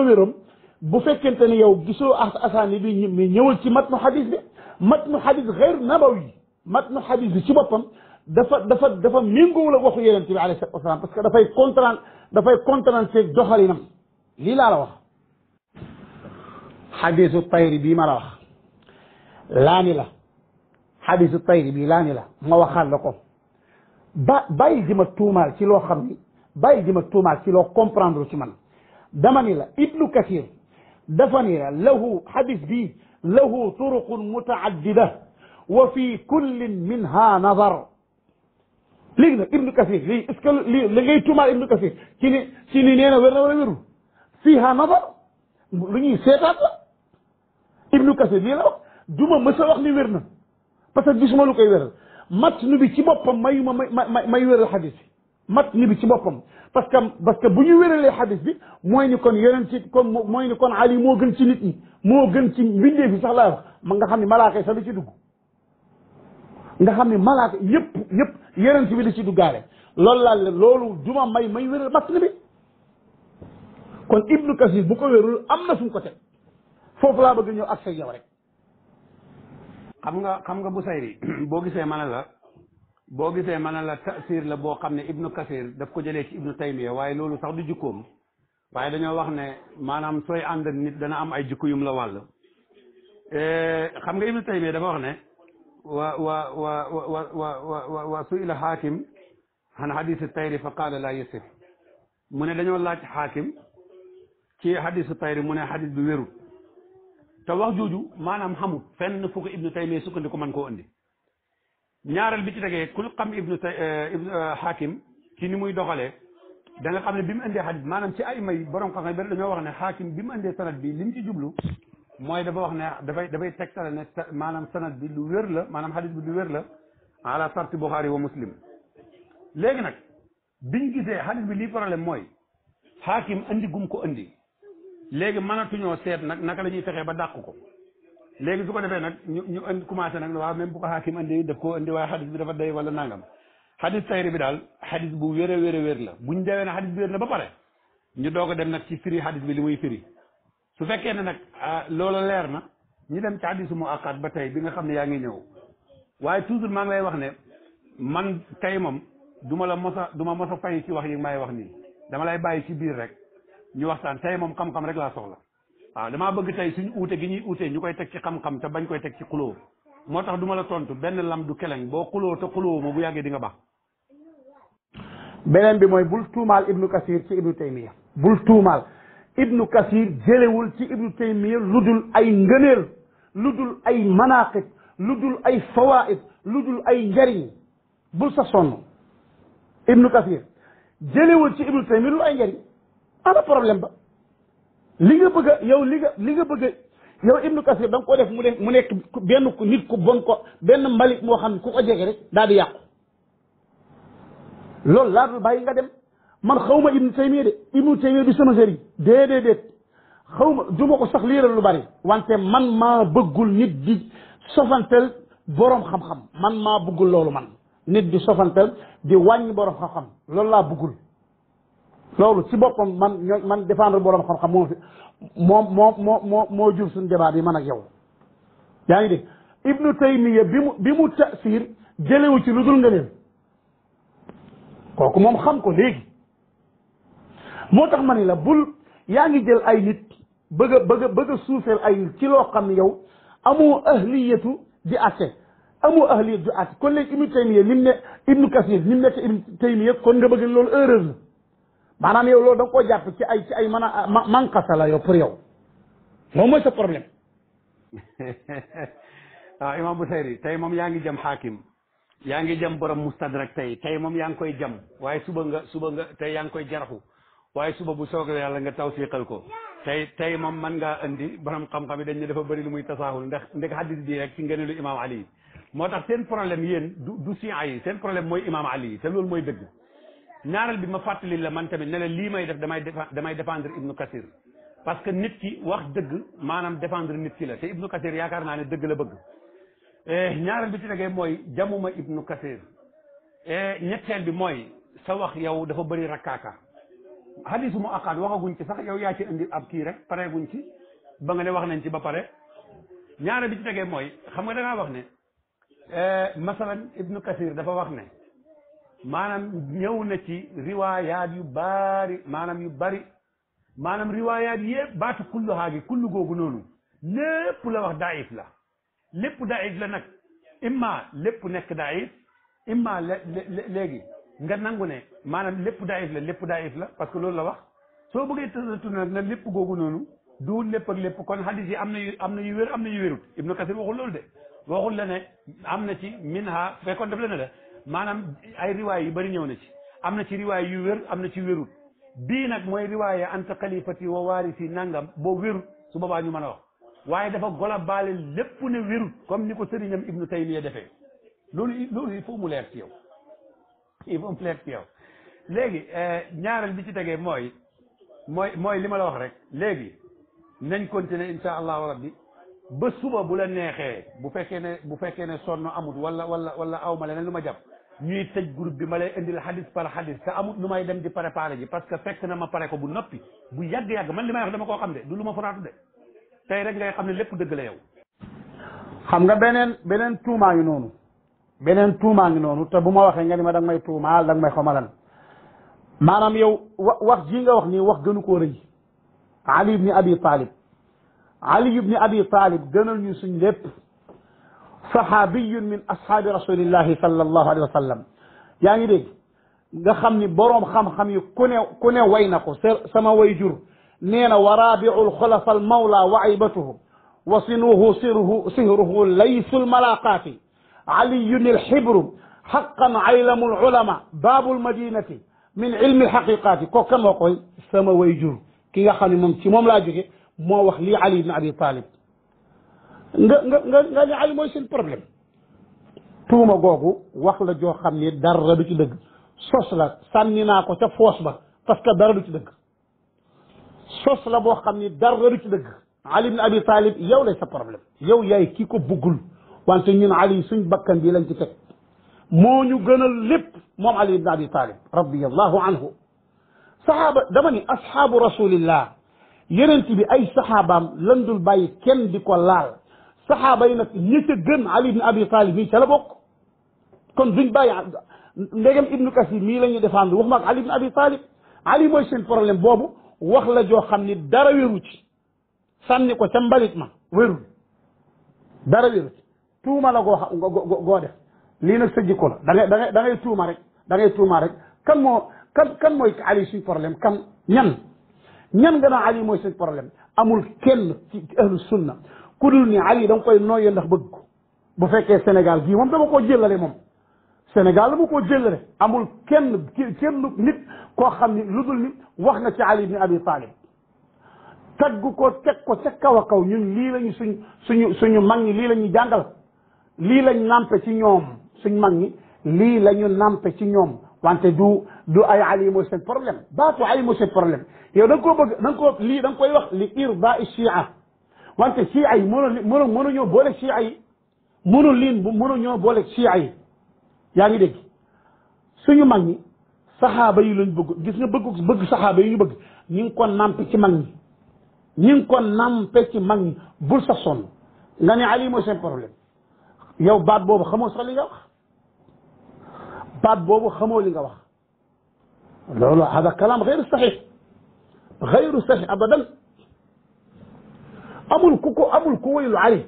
bu fekkente ni yow gisoo asaani bi mais ñëwal ci matnu xadis bi matnu xadis xeyr nabawi matnu xadis bi ci boppam dafa dafa dafa méngoowul ak waxu yonent bi alayhi salaatu wa salaam parce que dafay contrant dafay contrant seeg doxalinam lii laa la wax xadisu tayri bii ma la wax laa ni la xadisu tayri bii laa ni la ma waxaat la ko ba bàyyi di ma tuumaal ci loo xam ni bàyyi di ma tuumaal ci loo comprendre ci man dama ni la ibnu kathir dafa ni la lahu xadis bi lahu turuqun mutaaddida wa fi kullin minha nazar léegi nag Ibnu Kasir lii est ce que lii li ngay tuumaal Ibnu Kasir ci ni ci ni nee na wér na wala wérul fiiha nazar lu ñuy seetaat la Ibnu Kasir lii la wax duma mës a wax ni wér na parce que gisuma lu koy wéral mat nu bi ci boppam mayu ma may may wéral xadis bi mat nu bi ci boppam parce que parce que bu ñu wéralee xadis bi mooy ni kon yonent ci kon mooy ni kon Ali moo gën ci nit ñi moo gën ci mbindee bi sax laa wax nga xam ne malaaka yi sax la ci dugg nga xam ne malaaka yëpp yëpp yonent bi da ci duggaale loolu laa leen loolu duma may may wéral matn bi kon Ibnu Kasir bu ko wérul am na fu ko teg foofu laa bëgg ñëw ak sa yow rek xam nga xam nga bu sayri boo gisee ma la boo gisee mën na la tafsir la boo xam ne ibnu kasir daf ko jëlee ci ibnu taymiya waaye loolu sax du jikkoom waaye dañoo wax ne maanaam sooy ànd nit dana am ay jikko yum la wàll eh, xam nga ibnu taymiya dafa wax ne wa wa wa wa wa wa wa suila xaakim xan xadisu tayri fa qaala laa yusif mu ne dañoo laaj xaakim ci xadisu tayri mu ne xadis bi wérul te wax jooju maanaam xamut fenn fu ko ibnu taymiya sukkandiku mën koo andi ñaareel bi ci tegee kul xam ibnu eh, ibnu hakim eh, ci ni muy doxalee da nga xam ne bi mu indee xadis maanaam ci ay may borom xam-xam bari dañoo wax ne hakim bi mu indee sanad bi li mu ci jublu mooy dafa wax ne dafay dafay tegtale ne maanaam sanad bi lu wér la maanaam xadis bi lu wér la ala sarti buxaari wa muslim léegi nag biñ gisee xadis bi lii problème mooy hakim indi gum ko indi léegi mënatuñoo seet nag naka la ñuy fexee ba dàq ko léegi su ko defee nag ñu ñu indi commencé nag waaw même bu ko xaakim andi daf ko indi waaye xadis bi dafa day wala nangam xadis tayri bi daal xadis bu wér a wér a wér la buñ dewee na xadis bi wér na ba pare ñu doog a dem nag ci firi xadis bi li muy firi su fekkee ne nag ah, loola leer na ñu dem ci xadisu mu àqaat ba tey bi nga xam ne yaa ngi ñëw waaye toujours maa ngi lay wax ne man tey moom du ma la mosa du ma mosa fay ci wax yi maay wax nii dama lay bàyyi ci biir rek ñu waxtaan tey moom xam rek laa soxla waaw ah, damaa bëgg tey suñu uute gi ñu uute ñu koy teg ci xam-xam te bañ koy teg ci xuloo moo tax duma la tontu benn lam du keleng boo xuloo te xuloo ma bu yàggee di nga baax. beneen bi mooy bul tuumaal ibnu kasir ci ibnu bul tuumaal ibnu kasir jëlewul ci ibnu taymiya lu dul ay ngëneel lu dul ay manaqib lu dul ay fawaid lu dul ay njariñ bul sa sonn ibnu kasir jëlewul ci ibnu taymiya lu ay njariñ ana problème ba li nga bëgg a yow li nga li nga bëgg a yow ibnu kasir da nga ko def mu def mu nekk benn nit ko bon ko benn mbalit moo xam ne ku ko jege rek daadi di yàqu loolu laatul bàyyi nga dem man xawma ibnu taymiya de ibnu taymiya bi sama sëriñ déedéet déet xawma du ko sax liiral lu bari wante man maa bëggul nit di sofantel boroom xam-xam man maa bëggul loolu man nit di sofantel di wàññ boroom xam-xam loolu laa bëggul loolu si boppam man man défendre borom xam-xam moo fi moo moo moo moo moo jur suñu débat bi man ak yow yaa ngi dégg ibnu taymiya bi mu bi mu tasir jëlewu ci lu dul nga neen kooku moom xam ko léegi moo tax man ni la bul yaa ngi jël ay nit bëgg a bëgg suufeel ay nit ci loo xam yow amoo ahliyatu di atte amoo ahliyatu di atte kon léegi ibnu taymiya lim ne ibnu kasir lim nekk ibnu taymiya kon nga bëgg loolu heureuse la maanaam yow loolu da nga koo jàpp ci ay ay man a manqasa la yow pour yow moom mooy sa problème waaw ah, imam Busayri tey moom yaa ngi jëm xaakim yaa ngi jëm borom mustadrak tey tey moom yaa ngi koy jëm waaye suba nga suba nga tey yaa ngi koy jaraxu waaye suba bu soobee yàlla nga tawsiqal ko tey tey moom mën ngaa andi borom xam-xam yi dañ dafa bari lu muy tasaahul ndax ndek hadis bii rek ci ngëneelu imam Ali moo tax seen problème yéen du du siya yi seen problème mooy imam Ali te lool mooy dëgg ñaareel bi ma fàttali la man tamit ne la lii may def damay damay défendre Ibnu Kasir parce que nit ki wax dëgg maanaam défendre nit ki la te Ibnu Kasir yaakaar naa ne dëgg la bëgg eh, ñaareel bi ci tegee mooy jamuma Ibnu Kasir eh, ñetteel bi mooy sa wax yow dafa bëri rakkaaka hadisu mu aqaat waxaguñ ci sax yow yaa ci indi ab kii rek pareeguñ ci ba nga ne wax nañ ci ba pare ñaareel bi ci degee mooy xam nga dangaa wax ne eh, masalan Ibnu Kasir dafa wax ne maanaam ñëw na ci riwaayaat yu baari maanaam yu bari maanaam riwaayaat yëpp baatu kullu haagi kullu googu noonu lépp la wax daif la lépp daif la nag imma lépp nekk daif imma léegi nga nangu ne maanaam lépp daif la lépp daif la parce que loolu la wax soo bëggee tësatu nag na lépp googu noonu du lépp ak lépp kon hadis yi am na yu am na yu wér am na yu wérut Ibnu Kasir waxul loolu de waxul la ne am na ci minha fekkoon def la ne de maanaam ay riwaay yu bari ñëw na ci am na ci riwaay yu wér am na ci wérut bii nag mooy riwaaya anta xalifati wa si nangam boo wérut su boobaa ñu man a wax waaye dafa gola baale lépp ne wérut comme ni ko sëriñam ibnu taymiya defee loolu loolu il faut mu leer ci yow il faut mu leer ci yow léegi euh, ñaareel bi ci tegee mooy mooy mooy li ma la wax rek léegi nañ continuer insha allahu rabbi ba suba bu la neexee bu fekkee ne bu fekkee ne sonn amut wala wala wala awma leneen lu ma jàpp ñuy tëj groupe bi ma lay indil xadis par xadis te amut lu may dem di préparé ji parce que fekk na ma pare ko bu noppi bu yàgg-yàgg man li may wax dama koo xam de du lu ma faraatu de tey rek ngay xam ne lépp dëgg la yow. xam nga beneen beneen tuumaa ngi noonu beneen tuumaa ngi noonu te bu ma waxee nga ni ma danga may tuumaal danga may xomalan maanaam yow wa wax ji nga wax nii wax gënu koo rëy Ali ibni Abi Talib Ali ibni Abi Talib gënal ñu suñ lépp. sahabiyun min ashaabi rasulillahi sallallahu alayhi wa sallam yaa ngi dégg nga xam ni boroom xam-xam yi ku ne ku ne way na ko sama way jur nee na wa rabiul xulafa al mawla wa aybatuhu wa sinuhu sirhu sihruhu laysul malaqaati aliyun al xibru xaqan aylamul ulama baabul madinati min ilmi alxaqiqaati kooku kan moo koy sama way jur ki nga xam ne moom ci moom laa jóge moo wax lii ali ibn abi talib nga nga nga nga ne problème tuuma googu wax la joo xam ni dara du ci dëgg sos la sànni naa ko ca foos ba parce que dara du ci dëgg sos la boo xam ni dara du ci dëgg Ali ibn Abi Talib yow lay sa problème yow yaay kii ko buggul wante ñun Ali suñ bakkan bi lañ ci teg moo ñu gënal lépp moom Ali ibn Abi Talib radiyallahu anhu saxaaba dama ni asxaabu yeneen yenent bi ay saxaabaam lan dul bàyyi kenn di ko laal saxaaba yi nag ñi ca gën Ali ibn Abi Talib mii ca bokk kon duñ bàyyi ndegam Ibnu Kasir mii la ñuy défendre waxuma ak Ali ibn Abi Talib Ali mooy seen problème boobu wax la joo xam ni dara wéru ci sànni ko ca mbalit ma wérul dara wéru ci tuuma la goo goo def lii nag sa jikko la da da ngay tuuma rek dangay tuuma rek kan kan kan mooy Ali suñ problème kan ñan ñan nga naan Ali mooy seen problème amul kenn ci ahlu sunna ku dul ni Ali da koy noyyee ndax bëgg ko bu fekkee Sénégal gii moom dama koo jëlale moom Sénégal dama koo jëlale amul kenn kenn nit koo xam ni lu dul ni wax na ci Ali ibn Abi Talib taggu ko teg ko ca kaw a kaw ñun lii lañu suñ suñu suñu mag ñi lii ñu jàngal lii lañ nàmpe ci ñoom suñ mag ñi lii la ñu nàmpe ci ñoom wante du du ay Ali mooy seen problème baatu Ali mooy seen problème yow ko nga koo bëgg da lii da koy wax li irda chia wante chia yi mënoo mënoo mënoo ñoo boole chia ay mënoo liin bu mënoo ñoo boole chia ay yaa ngi dégg suñu mag ñi saxaaba yi lañ bëgg gis nga bëgg bëgg saxaaba yi ñu bëgg ñu ngi ko nampe ci mag ñi ñu ngi ko nampe ci mag ñi bul sa sonn nga ne Ali mooy seen problème yow baat boobu xamoo sax li nga wax baat boobu xamoo li nga wax looloo hada kalam gayru saxiix gayru saxiix abadan amul ku ko amul ku wayul ali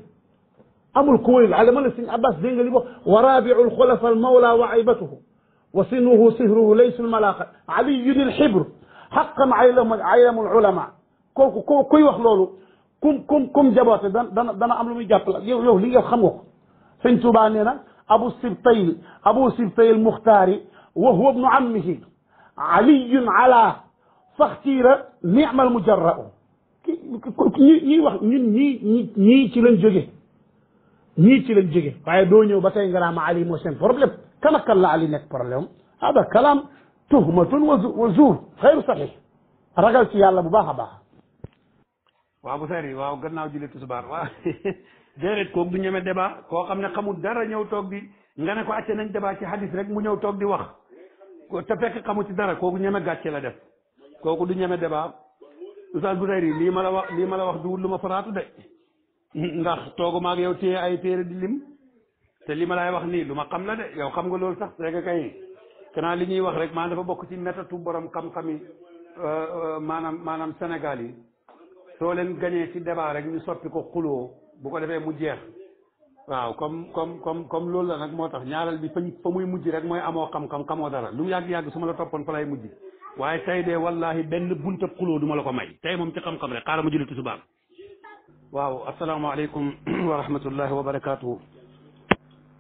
amul ku wayul ali ma ne sëñ abbas dégg nga li wax wa rabiu lxulafa almawla wa aybatuhu wa sinuhu sihruhu laysu lmalaqa aliyun alxibru xaqan aylamu aylamu lulama kooku ko kuy wax loolu kum kum kum jaboote dana dana am lu muy jàpp la yow yow li nga xam nga ko sëñ Tuubaa nee na abu sibtay abu sibtay almuxtaari wa huwa ibnu ammihi aliyun ala faxtiira nicma almujarra'u ñi ñuy wax ñun ñii ñii ci lañ jóge ñii ci lañ jóge waaye doo ñëw ba tey nga naan ma Ali moo seen problème kan ak kan la Ali nekk problème hada kalaam tuhmatun wa zuur xayru saxiix ragal ci yàlla bu baax a baax. waaw bu seer yi waaw gannaaw julli tisbaar waaw déedéet kooku du ñeme débat koo xam ne xamul dara ñëw toog di nga ne ko acce nañ débat ci hadis rek mu ñëw toog di wax te fekk xamu ci dara kooku ñeme gàcce la def kooku du ñeme débat. Oustaz Boutayri lii ma la wax lii ma la wax duwul lu ma faraatu de ndax toogu maag yow téye ay téere di lim te lii ma lay wax nii lu ma xam la de yow xam nga loolu sax rek kay kanaa li ñuy wax rek maanaam dafa bokk ci métatu borom xam-xam yi euh, euh, maanaam maanaam Sénégal yi soo leen gañee ci débat rek ñu soppi ko xuloo bu ko defee mu jeex waaw comme comme comme comme loolu la nag moo tax ñaareel bi fañ fa muy mujj rek mooy amoo xam-xam xamoo dara lu mu yàgg-yàgg su ma la toppoon fa lay mujj waaye tey de wallahi benn bunt xuloo du ma la ko may tey moom ci xam-xam rek xaaral ma julli tisbaar waaw asalaamaaleykum wa rahmatullahi wa barakaatuhu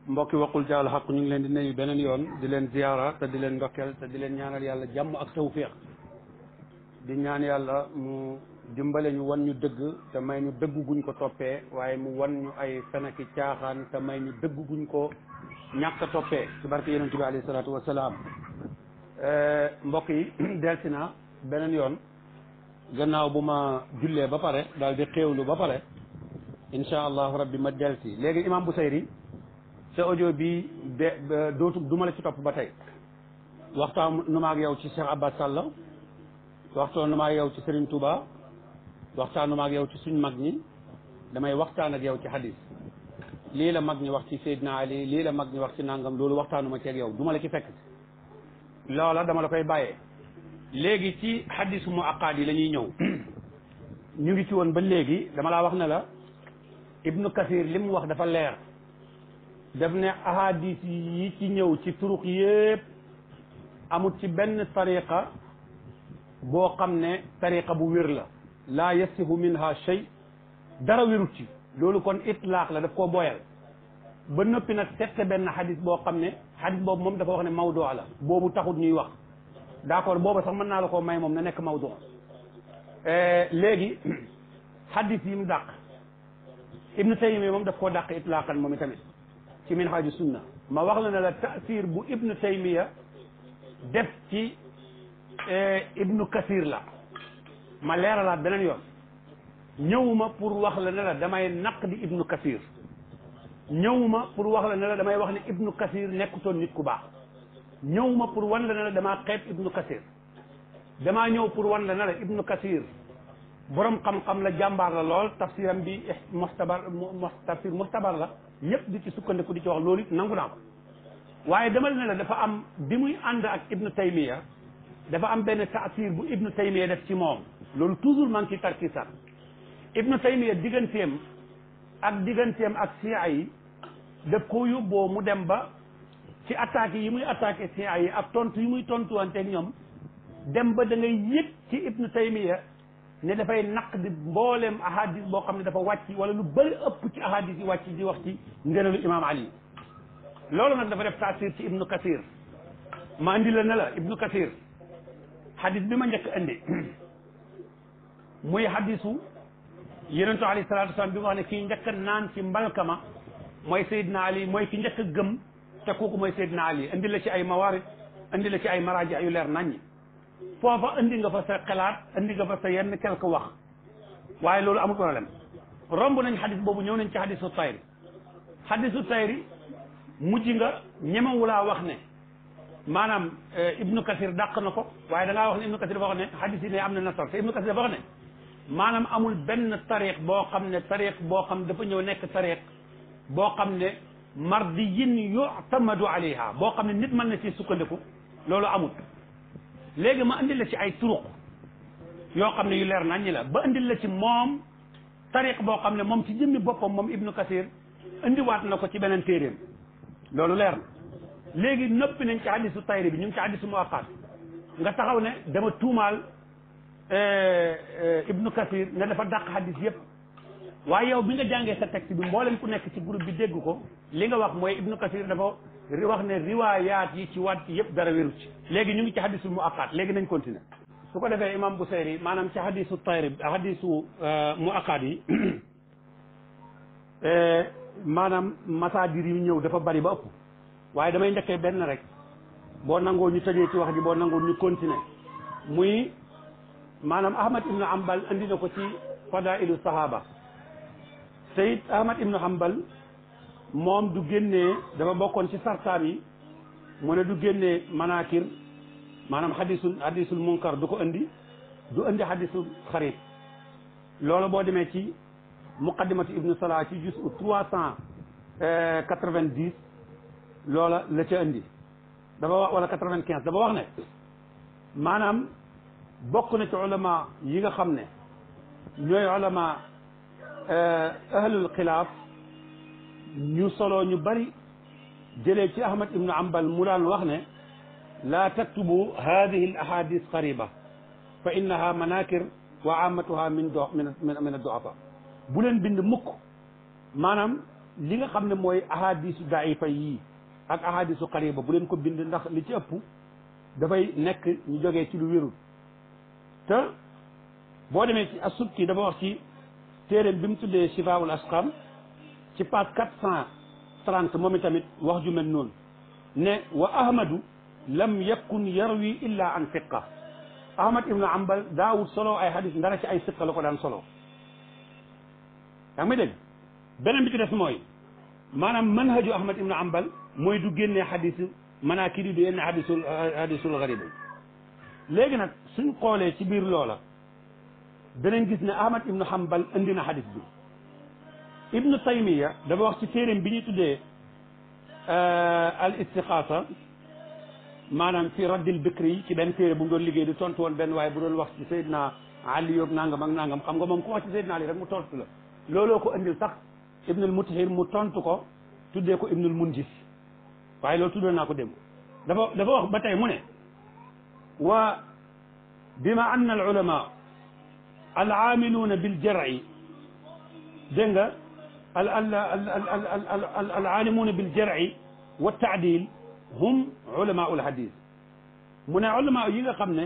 mbokki waqul jaal xaq ñu ngi leen di nuyu beneen yoon di leen ziyaara te di leen ndokkeel te di leen ñaanal yàlla jàmm ak tawféex di ñaan yàlla mu dimbale ñu wan ñu dëgg te may ñu dëgg guñ ko toppee waaye mu wan ñu ay fenaki caaxaan te may ñu dëgg guñ ko ñàkk a toppee ci barke yonent bi alayhi wasalaam Eh, mbokk yi delsi naa beneen yoon gannaaw bu ma jullee ba pare daal di lu ba pare insha allahu rabbi ma delsi léegi imam Busayri sa audio bi de dootu la ci topp ba tey waxtaan nu ma ak yow ci Cheikh Abbas Sall waxtaan nu ma ak yow ci Serigne Touba waxtaan nu ak yow ci suñ mag ñi damay waxtaan ak yow ci hadis lii la mag ñi wax ci Seydina Ali lii la mag ñi wax ci nangam loolu waxtaan ci ak yow du ma la ci fekk. loola dama la koy bàyyee léegi ci xaddisu mu aqaad yi lañuy ñuy ñëw ñu ngi ci woon ba léegi dama laa wax ne la ibnu kasir li mu wax dafa leer daf ne ahadis yi ci ñëw ci turuq yépp amut ci benn tariqa boo xam ne tariqa bu wér la laa yasihu minha sey dara wéru ci loolu kon itlaaq la daf ko boyal ba noppi nag tette benn xadis boo xam ne xadis boobu moom dafa wax ne mawdu la boobu taxut ñuy wax d'accord booba sax mën naa la koo may moom na nekk mawdu eh, léegi xadis yi mu dàq ibnu taymiya moom daf koo dàq itlaaqan moom itamit ci minhaaju sunna ma wax la ne la taasir bu ibnu taymiya def ci eh, ibnu kasir la ma leeralaat beneen yoon ñëwuma pour wax la ne la damay naq di ibnu kasir ñëwuma pour wax la ne la damay wax ne ibnu kasir toon nit ku baax ñëwuma pour wan la ne la damaa xeeb ibnu kasir damaa ñëw pour wan la ne la ibnu kasir borom xam-xam la jàmbaar la lool tafsiram bi mustabar tafsir mustabar la ñëpp di ci sukkandiku di ci wax loolu it nangu naa ko waaye dama ne la dafa am bi muy ànd ak ibnu taymiya dafa am benn taasir bu ibnu taymiya def ci moom loolu toujours man ci tarkisaat ibnu taymiya digganteem ak digganteem ak siyaa yi daf koo yóbboo mu dem ba ci attaques yi muy attaqué siens yi ak tontu yi muy tontuwanteeg ñoom dem ba da ngay ci ibnu taymiya ne dafay naq di mbooleem ahadis boo xam ne dafa wàcc wala lu bëri ëpp ci ahadis yi wàcc di wax ci ngëneelu imam ali loolu nag dafa def taasir ci ibnu kasir ma indi la ne la ibnu kasir hadis bi ma njëkk indi muy hadisu yenentu alayhi salatu wasalam bi mu wax ne kii njëkk naan ci mbalkama mooy Seydina Ali mooy ki njëkk a gëm te kooku mooy Seydina Ali indi la ci ay mawaarit indi la ci ay maraaji yu leer naññ foofa indi nga fa sa xalaat indi nga fa sa yenn quelque wax waaye loolu amul problème romb nañ xadis boobu ñëw nañ ci xadisu tayri xadisu tayri mujj nga ñemewulaa wax ne maanaam eh, ibnu kasir dàq na ko waaye da wax ne ibnu kasir dafa ne xadis yi am na nasar te ibnu kasir wax maanaam amul benn tariq boo xam ne tariq boo xam dafa ñëw nekk tariq boo xam ne mardiyin yutamadu alayha boo xam ne nit mën na ci sukkandiku loolu amut léegi ma indi la si ay turuq yoo xam ne yu leer nañ ñi la ba indil la ci moom tariq boo xam ne moom si jëmmi boppam moom ibnu kasir indiwaat na ko ci beneen téeréem loolu leer na léegi noppi nañ ci hadisu tayri bi ñu ngi ci hadisu muwaqaat nga taxaw ne dama tuumaal eh, eh, ibnu kasir na dafa dàq hadis yëpp waaye yow bi nga jàngee sa texte mboole mboolem ku nekk ci groupe bi dégg ko li nga wax mooy ibnu kasir dafa wax ne riwaayaat yi ci waat yëpp dara wéru ci léegi ñu ngi ci hadisul muaqat léegi nañ continuer su ko defee imam Busayri maanaam ci hadisu tayrib hadisu euh, muaqat yi euh, maanaam masaadir yu ñëw dafa bari ba ëpp waaye damay njëkkee benn rek boo nangoo ñu tëjee ci wax ji boo nangoo ñu continuer muy maanaam ahmad ibnu ambal indi na ko ci fadailu sahaba te it Ahmad ibnu Hanbal moom du génnee dafa bokkoon ci sartaam yi mu ne du génnee manaakir maanaam hadisul hadisul munkar du ko indi du andi hadisul xarib loolu boo demee ci muqaddimatu ibnu Salah ci juz trois cent quatre-vingt-dix loola la ca andi dafa wax wala quatre-vingt-quinze dafa wax ne maanaam bokk na ci ulama yi nga xam ne ñooy ulama Eh, ahlul xilaaf ñu solo ñu bari jële ci ahmad ibnu ambal mu daan wax ne laa taktubu hadihi al ahadis xariba fa innaha manakir wa amatuha min do min bu leen bind mukk maanaam li nga xam ne mooy ahadisu daifa yi ak ahadisu xariba bu leen ko bind ndax li ci ëpp dafay nekk ñu joge ci lu wérul te boo demee ci asubki dafa wax ci téeréem bi mu tuddee Shifaa'ul Asqam ci page quatre cent trente moom itamit wax ju mel noonu ne wa ahmadu lam yakun yarwi illa an fiqa ahmad ibnu ambal daawud solo ay hadis ndara ci ay siqa la ko daan solo yaa ngi dégg beneen bi ci des mooy maanaam manhaju ahmad ibnu ambal mooy du génnee hadisu manaa kii di du génne hadisul hadisul gariba léegi nag suñ xoolee ci biir loola danañ gis ne Ahmad ibnu Hanbal indi na xadis bi ibnu Taymiya dafa wax ci téeréem bi ñuy tuddee euh, al istiqaasa maanaam fi raddil bikri yi ci benn téere bu mu doon liggéey di tontu woon benn waaye bu doon wax ci Seydina Ali yóbbu nangam ak nangam xam nga moom ku wax ci Seydina Ali rek mu tontu la looloo ko indil sax ibnul Mutahir mu tontu ko tuddee ko ibnul Mundis waaye loolu tuddoon naa ko démb dafa dafa wax ba tey mu ne wa bima anna al ulama al aamiluuna bil jar'i dégg nga al al al al al aalimuuna bil jar'i wa taadil hum ulamaul hadis mu ne ulama yi nga xam ne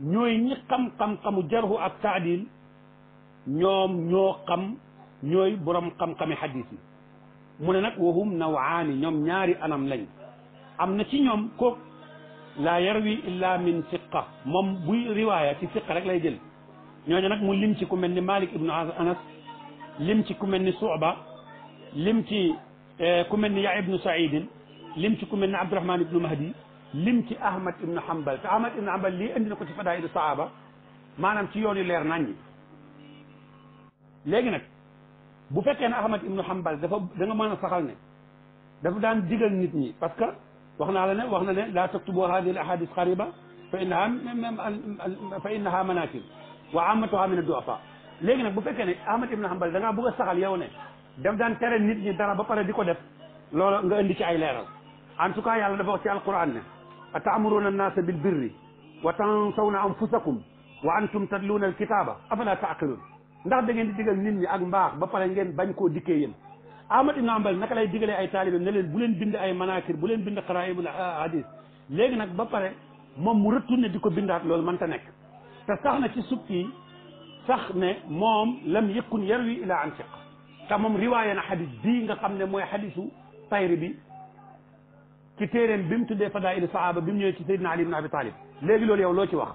ñooy ñi xam-xam-xamu jarhu ak taadil ñoom ñoo xam ñooy borom xam-xami hadis yi mu ne nag wa hum nawaani ñoom ñaari anam lañ am na ci ñoom kooku laa yarwi illa min siqa moom buy riwaaya ci siqa rek lay jël ñooñu nag mu lim ci ku mel ni Malik ibnu Anas lim ci ku mel ni Suuba eh, lim ci ku mel ni Yahya ibnu Saïdin lim ci ku mel ni Abdurahman ibnu Mahdi lim ci Ahmad ibnu Hambal te Ahmad ibnu Hambal lii indi na ko ci fadaa'ilu sahaaba maanaam ci yoon yu leer naññi léegi nag bu fekkee ne Ahmad ibnu Hambal dafa da nga mën a saxal ne dafa daan digal nit ñi parce que wax naa la ne wax na ne laa taktubu haadihi al ahadis xariba fa innaha fa innaha manakir waa wa amatuha min duafa léegi nag bu fekkee ne Ahmad ibn Hanbal da ngaa bëgg a yow ne daf daan tere nit ñi dara ba pare di ko def loolu nga indi ci ay leeral en tout cas yàlla dafa wax ci alquran ne ataamuruuna a bil birri wa tansawna anfusakum wa antum tatluuna alkitaaba afala taaqiluun ndax da ngeen di digal nit ñi ak mbaax ba pare ngeen bañ koo dikkee yéen Ahmad ibn Hanbal naka lay digalee ay taalibam ne leen bu leen bind ay manakir bu leen bind xaraayibul hadis nag ba pare moom mu retourné di ko bindaat loolu mënta nekk te sax na ci sukki sax ne moom lam yëkkun yarwi ila an fiq te moom riwaayé na xadis bii nga xam ne mooy xadisu tayri bi ci téeréem bi mu tuddee fadaili sahaaba bi mu ñëwee ci saydina ali ibn abi talib léegi loolu yow loo ci wax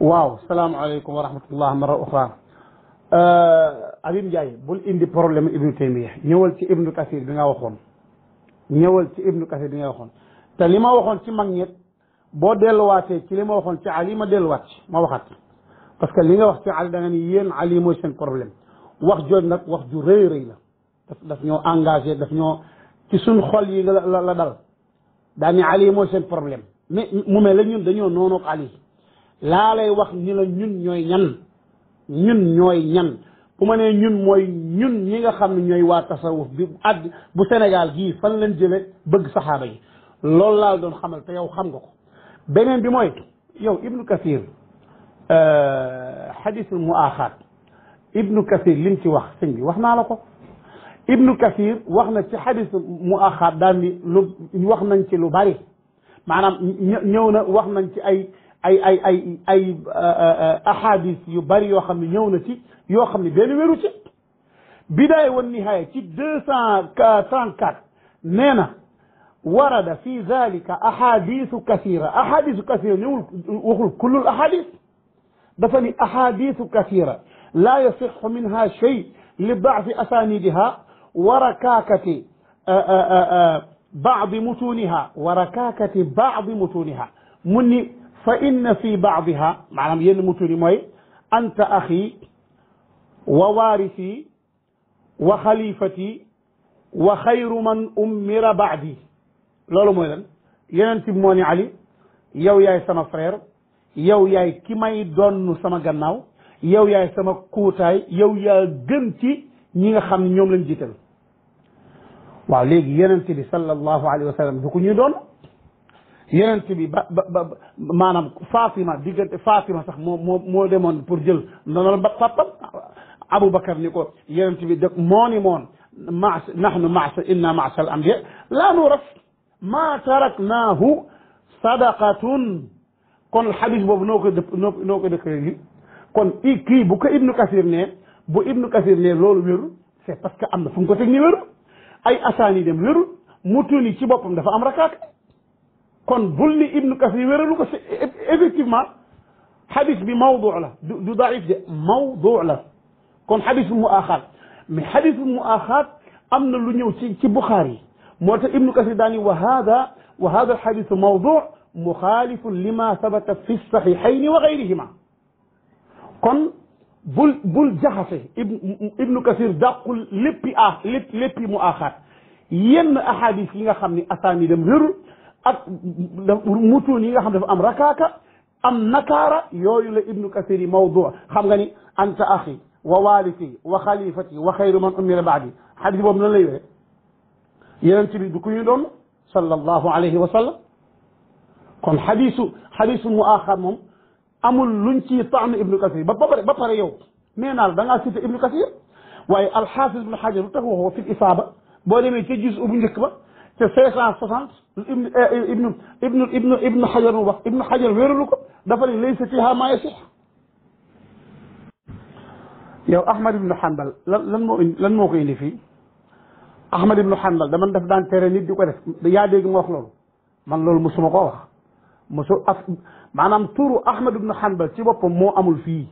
waaw salaamaaleykum wa rahmatullah mara oxra euh, Abim Ndiaye bul indi problème ibnu taymiya ñëwal ci ibnu kasir bi nga waxoon ñëwal ci ibnu kasir bi nga waxoon te li ma waxoon ci mag ñett boo delluwaatee ci li ma waxoon ci Ali ma delluwaat ci ma waxaat parce que li nga wax ci Ali da nga ni yéen Ali mooy seen problème wax jooj nag wax ju rëy rëy la daf daf ñoo engagé daf ñoo ci suñ xol yi la la dal daa ni Ali mooy seen problème mais mu mel la ñun dañoo noonook Ali laa lay wax ñi la ñun ñooy ñan ñun ñooy ñan bu ma nee ñun mooy ñun ñi nga xam ne ñooy waa tasawuf bi add bu Sénégal gii fan leen jële bëgg saxaaba yi loolu laa doon xamal yow xam nga ko beneen bi mooy yow ibnu kasir euh, xadisul muaaxaat ibnu kasir lim ci wax sëñ bi wax naa la ko ibnu kasir wax na ci xadis muaaxaat daal ni lu wax nañ ci lu bari maanaam ñëw na wax nañ ci ay ay ay ay ay euh, ahadis yu bari yoo xam ne ñëw na ci yoo xam ne benn wéru ci bidaaya wan nihaaya ci deux cent trente-quatre nee na warada fi zalika ahadisu kasira ahadisu kasira ñëwul waxul kullul ahadis dafa ni ahadisu kasira laa yasixu minha shay li baaxi asanidiha warakaakati baadi mutuniha warakaakati baadi mutuniha mu ni fa inna fi baadiha maanaam yenn mutuni mooy anta axi wa waarisi wa xalifati wa xayru man ummira baadi loolu mooy lan yeneen ci moo ni Ali yow yaay sama frère yow yaay ki may doon sama gannaaw yow yaay sama kuutaay yow yaa gën ci ñi nga xam ne ñoom lañ jiital waaw léegi yeneen bi sallallahu alayhi wa sallam du ko ñuy doon yeneen bi ba ba ba maanaam Fatima diggante Fatima sax moo moo moo demoon pour jël ndonal ba pàppam Aboubacar ni ko yeneen bi dëkk moo ni moon maas nahnu maasa inna maasa al ambiya laa nuuras maa taraknaahu sadaqatun kon xadis boobu noo ko dëpp noo noo ko dëkkee gi kon i kii bu ko ibnu kasir ne bu ibnu kasir ne loolu wérul c'est parce que am na fu mu ko teg ni wérul ay asaan yi dem wérul mutuun yi ci boppam dafa am rakaat kon bul ni ibnu kasir wéralu ko effectivement xadis bi mawdu la du daif de mawdu la kon xadis bu mu aaxaat mais xadis bu mu aaxaat am na lu ñëw ci ci buxaar yi moo tax ibnu kasir daani wa hada wa hada alxadisu mawdu muxaalifun lima sabata fi saxiixayni wa gayrihima kon bul bul jaxase ibnu kasir dàqul léppi a lépp léppi mu aaxaat yenn ahadis yi nga xam ni asaan yi dem wérul ak mutuun yi nga xam dafa am rakaaka am nakaara yooyu la ibnu kasir yi mawdu xam nga ni anta axi wa waaliti wa xalifati wa xayru man umira baadi xadis boobu nan lay wéree yonent bi du ku ñu doon sallallahu alayhi wa sallam kon xadisu xadisu mu aaxar moom amul luñ ci taan ibnu kasir ba pare ba pare yow nee naa la da ngaa cité ibnu kasir waaye alxaafis ibnu xajar lu tax waxoo fi isaaba boo demee ca juz bu njëkk ba te cinq cent soixante eh, eh, ibnu ibnu ibnu ibnu ibnu xajar mu wax ibnu xajar wéeralu ko dafa ne laysa fiha ma yasix yow ahmad ibnu xambal lan lan moo lan moo ko indi fii Ahmad ibnu Hanbal dama def daan tere nit di ko def ya dégg ma wax loolu man loolu mosuma koo wax mosu af maanaam turu Ahmad ibnu Hanbal ci boppam moo amul fii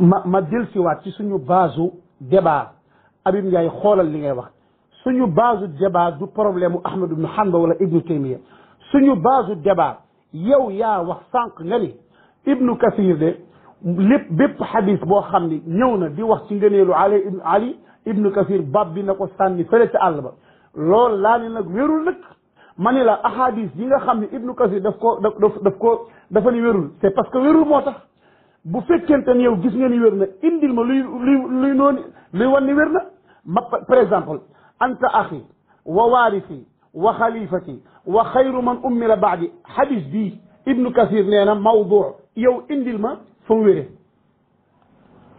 ma ma jël siwaat ci suñu baasu débat Habib Ndiaye xoolal li ngay wax suñu baasu débat du problème mu Ahmad ibnu Hanbal wala Ibnu Taymiya suñu baasu débat yow yaa wax sànq nga ni Ibnu Kasir de lépp bépp xadis boo xam ni ñëw na di wax ci ngëneelu Ali Ali ibnu Kathir bab bi na ko sànni fële ca àll ba loolu laa ne nag wérul nag ma ne la ahadis yi nga xam ne ibnu Kathir daf ko daf daf ko dafa ni wérul c'est parce que wérul moo tax bu fekkente ne yow gis nga ni wér na indil ma luy luy luy noonu luy wan wér na ma par exemple anta axi wa waarisi wa xalifati wa xayru man ummila baadi hadis bii ibnu Kathir nee na mawdu yow indil ma fu mu wéree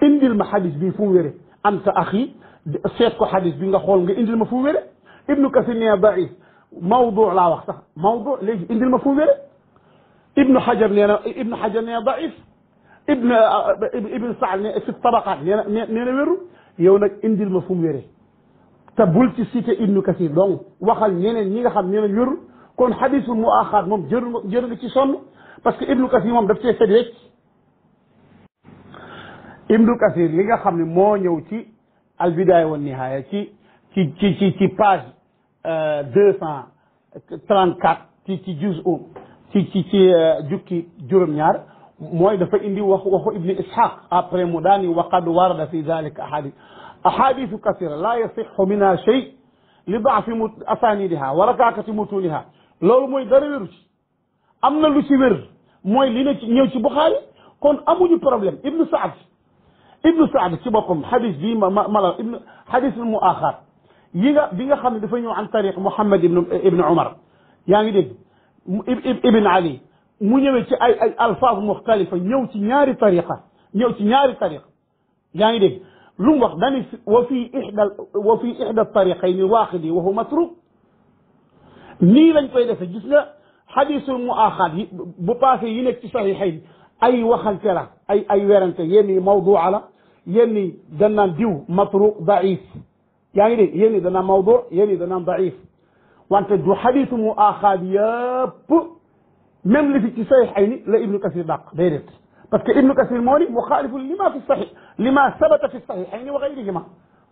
indil ma hadis bii fu mu wéree anta seet ko xadis bi nga xool nga indil ma fu wére ibnu kasir nee daif mawdu laa wax sax mawdu léegi indil ma fu wére ibnu xajar nee na ibnu xajar nee daif ibnu ibnu saad ne fi tabaqaat nee yow nag indil ma fu mu wére te bul ci cité ibnu kasir donc waxal ñeneen ñi xam nee nañ wéru kon xadisul mu axaar moom jëru nga ci sonn parce que ibnu kasir moom daf cee set nga xam ne moo ñëw ci al bidaaya wa nihaaya ci ci ci ci ci page euh, deux cent trente quatre ci ci juz u um, ci ci ci euh, jukki juróom-ñaar mooy dafa indi wax waxu ibni ishaq après mu daani waqad warada fi dalika ahadith ahadithu kasira la yasixu minha shay li daafi mu asanidiha wa rakaakati mutuniha loolu mooy dara wéru ci am na lu ci wér mooy li ne ci ñëw ci buxaari kon amuñu problème ibnu saad ibnu saad ci boppam xadis bii ma ma mala ibnu xadis mu axaat yi nga bi nga xam ne dafa ñëw an tariq Muhammad ibnu ibnu Umar yaa ngi dégg ibn Ali mu ñëwee ci ay ay alfaaz muxtalifa ñëw ci ñaari tariqa ñëw ci ñaari tariqa yaa ngi dégg lu mu wax dani wa fi ixda wa fi ixda tariqayni waaxidi wa huwa matruuk nii lañ koy defee gis nga xadisul mu axaat yi bu passé yi nekk ci saxiixayn ay waxante la ay ay werante yenn yi mawduu la yéen ñi dañ naan diw matruq daif yaa ngi dégg yéen ñi dañ naan mawdu yéen ñi dañ naan daif wante du xadiisu mu aaxaad yëpp même li fi ci saxiix ay ni la ibnu kasir dàq déedéet parce que ibnu kasir moo ni muxaalifu lima fi saxiix lima sabata fi saxiix ay ni wa gayrihima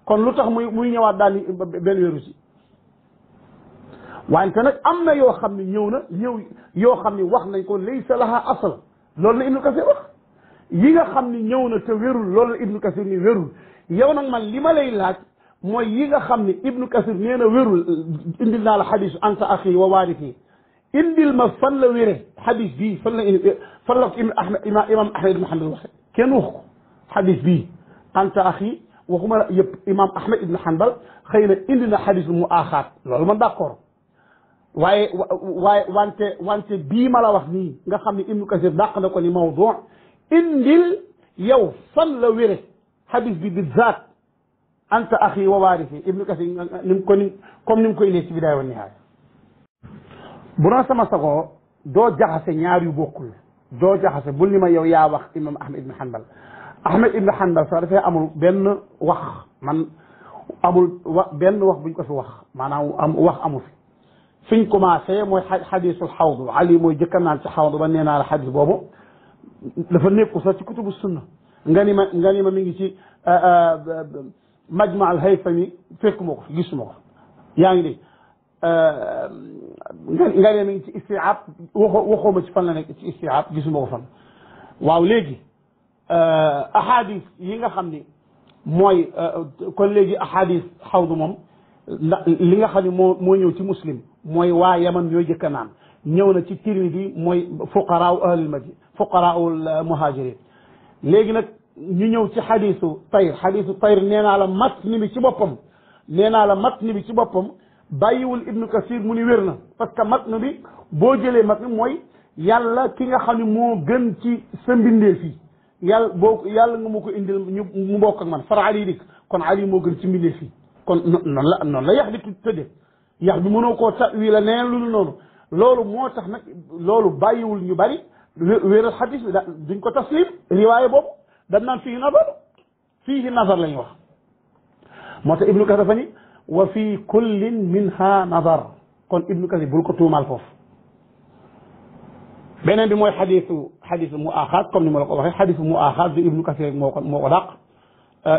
kon lu tax muy muy ñëwaat daal ni benn wéru si wante nag am na yoo xam ne ñëw na ñëw yoo xam ne wax nañ ko laysa laha asal loolu la ibnu kasir wax yi nga xam ni ñëw na te wérul loolu la ibnu kasir ni wérul yow nag man li ma lay laaj mooy yi nga xam ni ibnu kasir nee na wérul indil naa la xadis anta axi wa waarisi indil ma fan la wéree xadis bii fan la fan la ko imam ahmad ibnu hanbal waxe kenn wax ko xadis bii anta axi waxuma yëpp imam ahmad ibnu hanbal xëy na indi na xadis mu aaxaat loolu man d'accord waaye waaye wante wante bii ma la wax nii nga xam ni ibnu kasir dàq na ko ni mawdu indil yow fan la wére hadis bi bi zaat anta axi wa waarisi ibnu kasi ni mu ko ni comme ni mu ko indee ci bidaaya wa nihaaya bu sama sago doo jaxase ñaar yu bokkul doo jaxase bul ni ma yow yaa wax imam ahmad ibn hanbal ahmad ibn hanbal sax dafay amul benn wax man amul wa benn wax buñ ko fi wax maanaam am wax amu fi fiñ commencé mooy xadisul xawdu ali mooy jëkka naan ci xawdu ba nee naa la xadis boobu dafa nekku sax ci kutubu sunna nga ma nga ni ma mi ngi ci ah, ah, majma al haythami fekkuma ko gisuma ko yaa ngi dégg ah, nga ne mi ci istiab waxoo waxoo ma ci fan la nekk ci istiab gisuma ko fan waaw léegi ahadis yi nga xam ni mooy kon léegi ahadis xawdu moom li nga xam ne moo moo ñëw ci muslim mooy waa yaman yooyu jëkka naan ñëw na ci tirmidi mooy fuqaraaw ahlil fuqaraul muhajirin léegi nag ñu ñëw ci xadisu tayr xadisu tayr nee la mat ni bi ci boppam nee naa la mat ni bi ci boppam bàyyiwul ibnu kasir mu ni wér na parce que mat ni bi boo jëlee mat ni mooy yàlla ki nga xam ne moo gën ci sa mbindeef fii yàlla boo yàlla nga mu ko indi ñu mu bokk man far ali dik kon ali moo gën ci mbindeef fii kon noonu la noonu la yax di tu bi mënoo koo ta wii la neen lu noonu loolu moo tax nag loolu bàyyiwul ñu bari wéeral xadis bi da duñ ko taslim riwaaye boobu dañ naan fii nazar fii nazar lañ wax moo tax ibnu kasir dafa ni wa fii kullin minha nazar kon ibnu kasir bul ko tuumaal foofu beneen bi mooy xadisu xadisu mu axaat comme ni ma la ko waxee xadisu mu axaat bi ibnu kasir moo ko moo ko dàq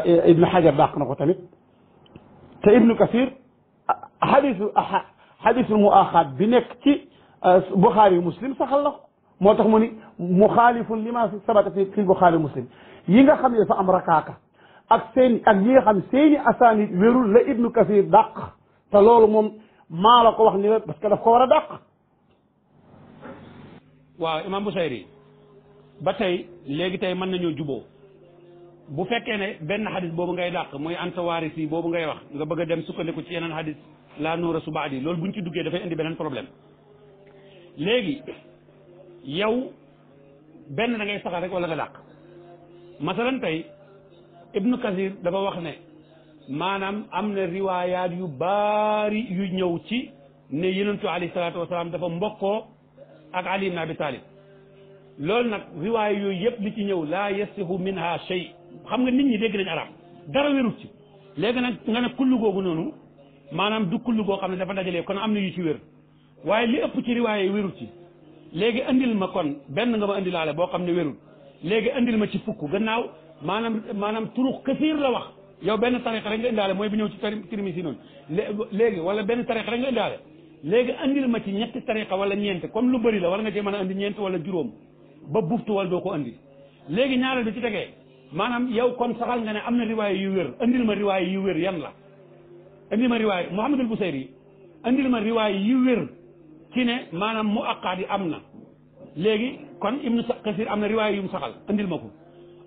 euh, ibnu xajar dàq na ko tamit te ibnu kasir xadisu xadisu mu axaat bi nekk ci euh, buxaari muslim saxal na ko moo tax mu ni muxaalifun lima sabata fi fi buxaari muslim yi nga xam ne dafa am rakaaka ak seen ak yi nga xam seeni asaanid wérul la ibnu kasir dàq te loolu moom maa la ko wax ni la parce que daf ko war a dàq waaw imam Busayri ba tey léegi tey mën nañoo juboo bu fekkee ne benn xadis boobu ngay dàq muy antawaari si boobu ngay wax nga bëgg a dem sukkandiku ci yeneen xadis laa nuura subaadi loolu buñ ci duggee dafay indi beneen problème léegi yow benn da ngay saxal rek wala nga dàq masalan tey ibnu kasir dafa wax ne maanaam am na riwaayaat yu baari yu ñëw ci ne yenentu alayhi salaatu wasalaam dafa mbokkoo ak ali ibn abi talib loolu nag riwaaya yooyu yëpp li ci ñëw laa yasihu minha shay xam nga nit ñi dégg nañ arab dara wérut ci léegi nag nga ne kullu googu noonu maanaam du kullu goo xam ne dafa dajalee kon am na yu ci wér waaye li ëpp ci riwaaya yi wérut ci léegi andil ma kon benn nga ma andilaale boo xam ne wérul léegi andil ma ci fukk gannaaw maanaam maanaam turux kasiir la wax yow benn tarixa rek nga indaale mooy bi ñëw ci Tirmisi noonu léegi wala benn tarixa rek nga indaale léegi andil ma ci ñetti tarixa wala ñeent comme lu bëri la war nga cee mën a andi ñeent wala juróom ba buftu wala doo ko andi léegi ñaareel bi ci tegee maanaam yow kon saxal nga ne am na riwaay yu wér andil ma riwaay yu wér yan la andil ma riwaay Muhammadul Busayri andil ma riwaay yu wér ci ne maanaam mu aqaat yi am na léegi kon ibnu kasir am na riwaay yu mu saxal andil ma ko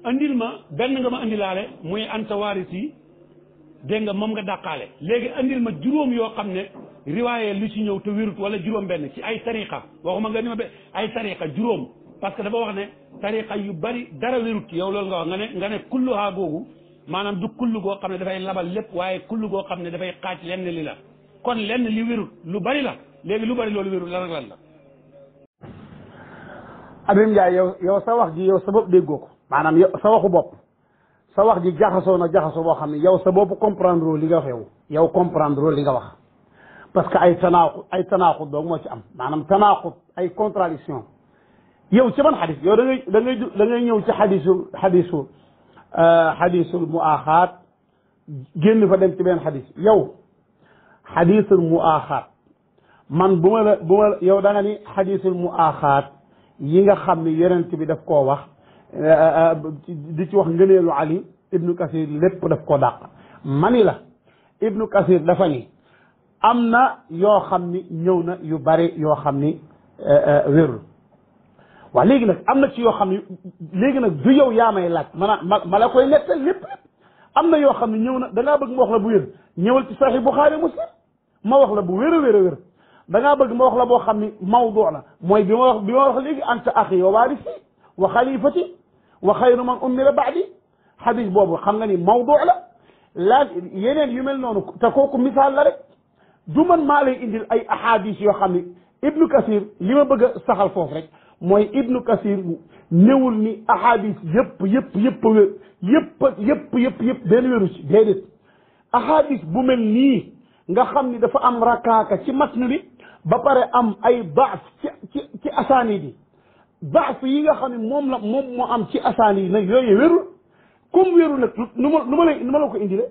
andil ma benn nga ma andilaale muy anta waaris yi dégg nga moom nga dàqaale léegi andil ma juróom yoo xam ne riwaaye lu ci ñëw te wérut wala juróom benn ci ay tariqa waxuma nga ni ma be ay tariqa juróom parce que dafa wax ne tariqa yu bari dara wérut yow loolu nga wax nga ne nga ne kulluhaa googu maanaam du kullu goo xam ne dafay labal lépp waaye kullu goo xam ne dafay xaaj lenn li la kon lenn li wérut lu bari la léegi lu bari loolu wérul lan ak lan la. Abim Ndiaye yow yow sa wax ji yow sa bopp déggoo ko maanaam yow sa waxu bopp sa wax ji jaxasoo na jaxasoo boo xam ne yow sa bopp comprendre li nga wax yow yow comprendre li nga wax parce que ay tanaaxut ay tanaaxut doog moo ci am maanaam tanaaxut ay contradiction yow ci ban xadis yow da ngay da ngay da ngay ñëw ci xadisu xadisu euh, xadisul muaaxaat génn fa dem ci benn xadis yow xadisul muaaxaat man bu ma la bu ma yow danga nga ni xadisul mu aaxaat yi nga xam ne yonent bi daf koo wax eh, eh, eh, di ci wax ngëneelu Ali ibnu Kasir lépp daf koo dàq man mani la ibnu Kasir dafa ni am na yoo xam ni ñëw na yu bari yoo xam ni wérul waaw léegi nag am na ci yoo xam ne léegi nag du yow yaa may laaj ma ma ma la koy nettal lépp am na yoo xam ne ñëw na da bëgg ma wax la bu wér ñëwal ci saxi Buxaari Muslim ma wax la bu wér a wér a wér da ngaa bëgg ma wax la boo xam ni mawdu la mooy bi ma wax bi ma wax léegi anta axi wa waarisi wa xalifati wa xayru man ummila baadi xadis boobu xam nga ni mawdu la laaj yeneen yu mel noonu te kooku misaal la rek du man maa lay indil ay ahadis yoo xam ni ibnu kasir li ma bëgg a saxal foofu rek mooy ibnu kasir néewul ni ahadis yëpp yëpp yëpp wér yëpp yëpp yëpp yëpp benn wéru ci déedéet ahadis bu mel nii nga xam ni dafa am rakaaka ci matnu bi ba pare am ay baas ci ci ci asaani bi baas yi nga xam ne moom la moom moo am ci asaani yi na yooyu wérul comme wérul nag nu ma nu ma lay nu ma ko indile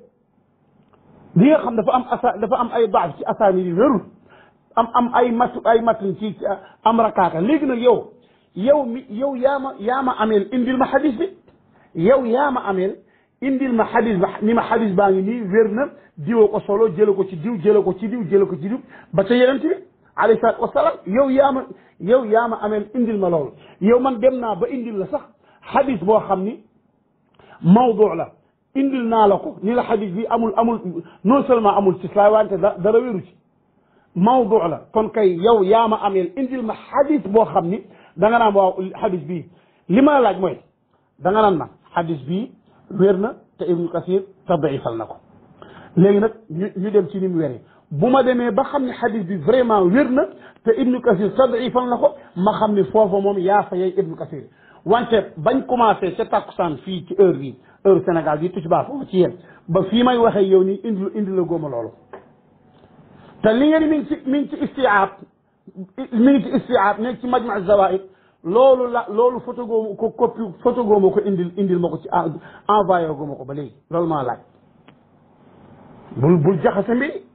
li nga xam dafa am asa dafa am ay baas ci asaani yi wérul am am ay mat ay matin ci am rakaaka léegi nag yow yow mi yow yaa ma yaa ma ameel indil ma xadis bi yow yaa ma ameel indil ma xadis ba ni ma xadis baa ngi nii wér na diwoo ko solo jële ko ci diw jële ko ci diw jële ko ci ba ca yeneen bi alayhi yow yaa yow yaa ma ameel indil ma loolu yow man dem naa ba indil la sax xadis boo xam ni mawdu la indil naa la ko ni la xadis bi amul amul non seulement amul ci saa wante dara wéru ci mawdu la kon kay yow yaama ma ameel indil ma xadis boo xam ni da naa naan waaw xadis bii li ma laaj mooy da nga naan ma xadis bii wér na te Ibnu Kasir te daifal na ko léegi nag ñu ñu dem ci ni mu wéree bu ma demee ba xam ne xadis bi vraiment wér na te ibnu kasir tadifan la ko ma xam ne foofa moom yaa fa yey ibnu kasir wante bañ commencé ca takkusaan fii ci heure bi heure Sénégal bi tucbaa foofu ci yéen ba fii may waxee yow nii indi indi la góoma loolu te li ngeen mi ngi ci mi ngi ci istiaab mi ngi ci istiaab nekk ci loolu la loolu photo goomu ko copie photo goomu indil indil ma ko ci envoyé goomu ko ba léegi loolu maa laaj bul bul jaxase mbiri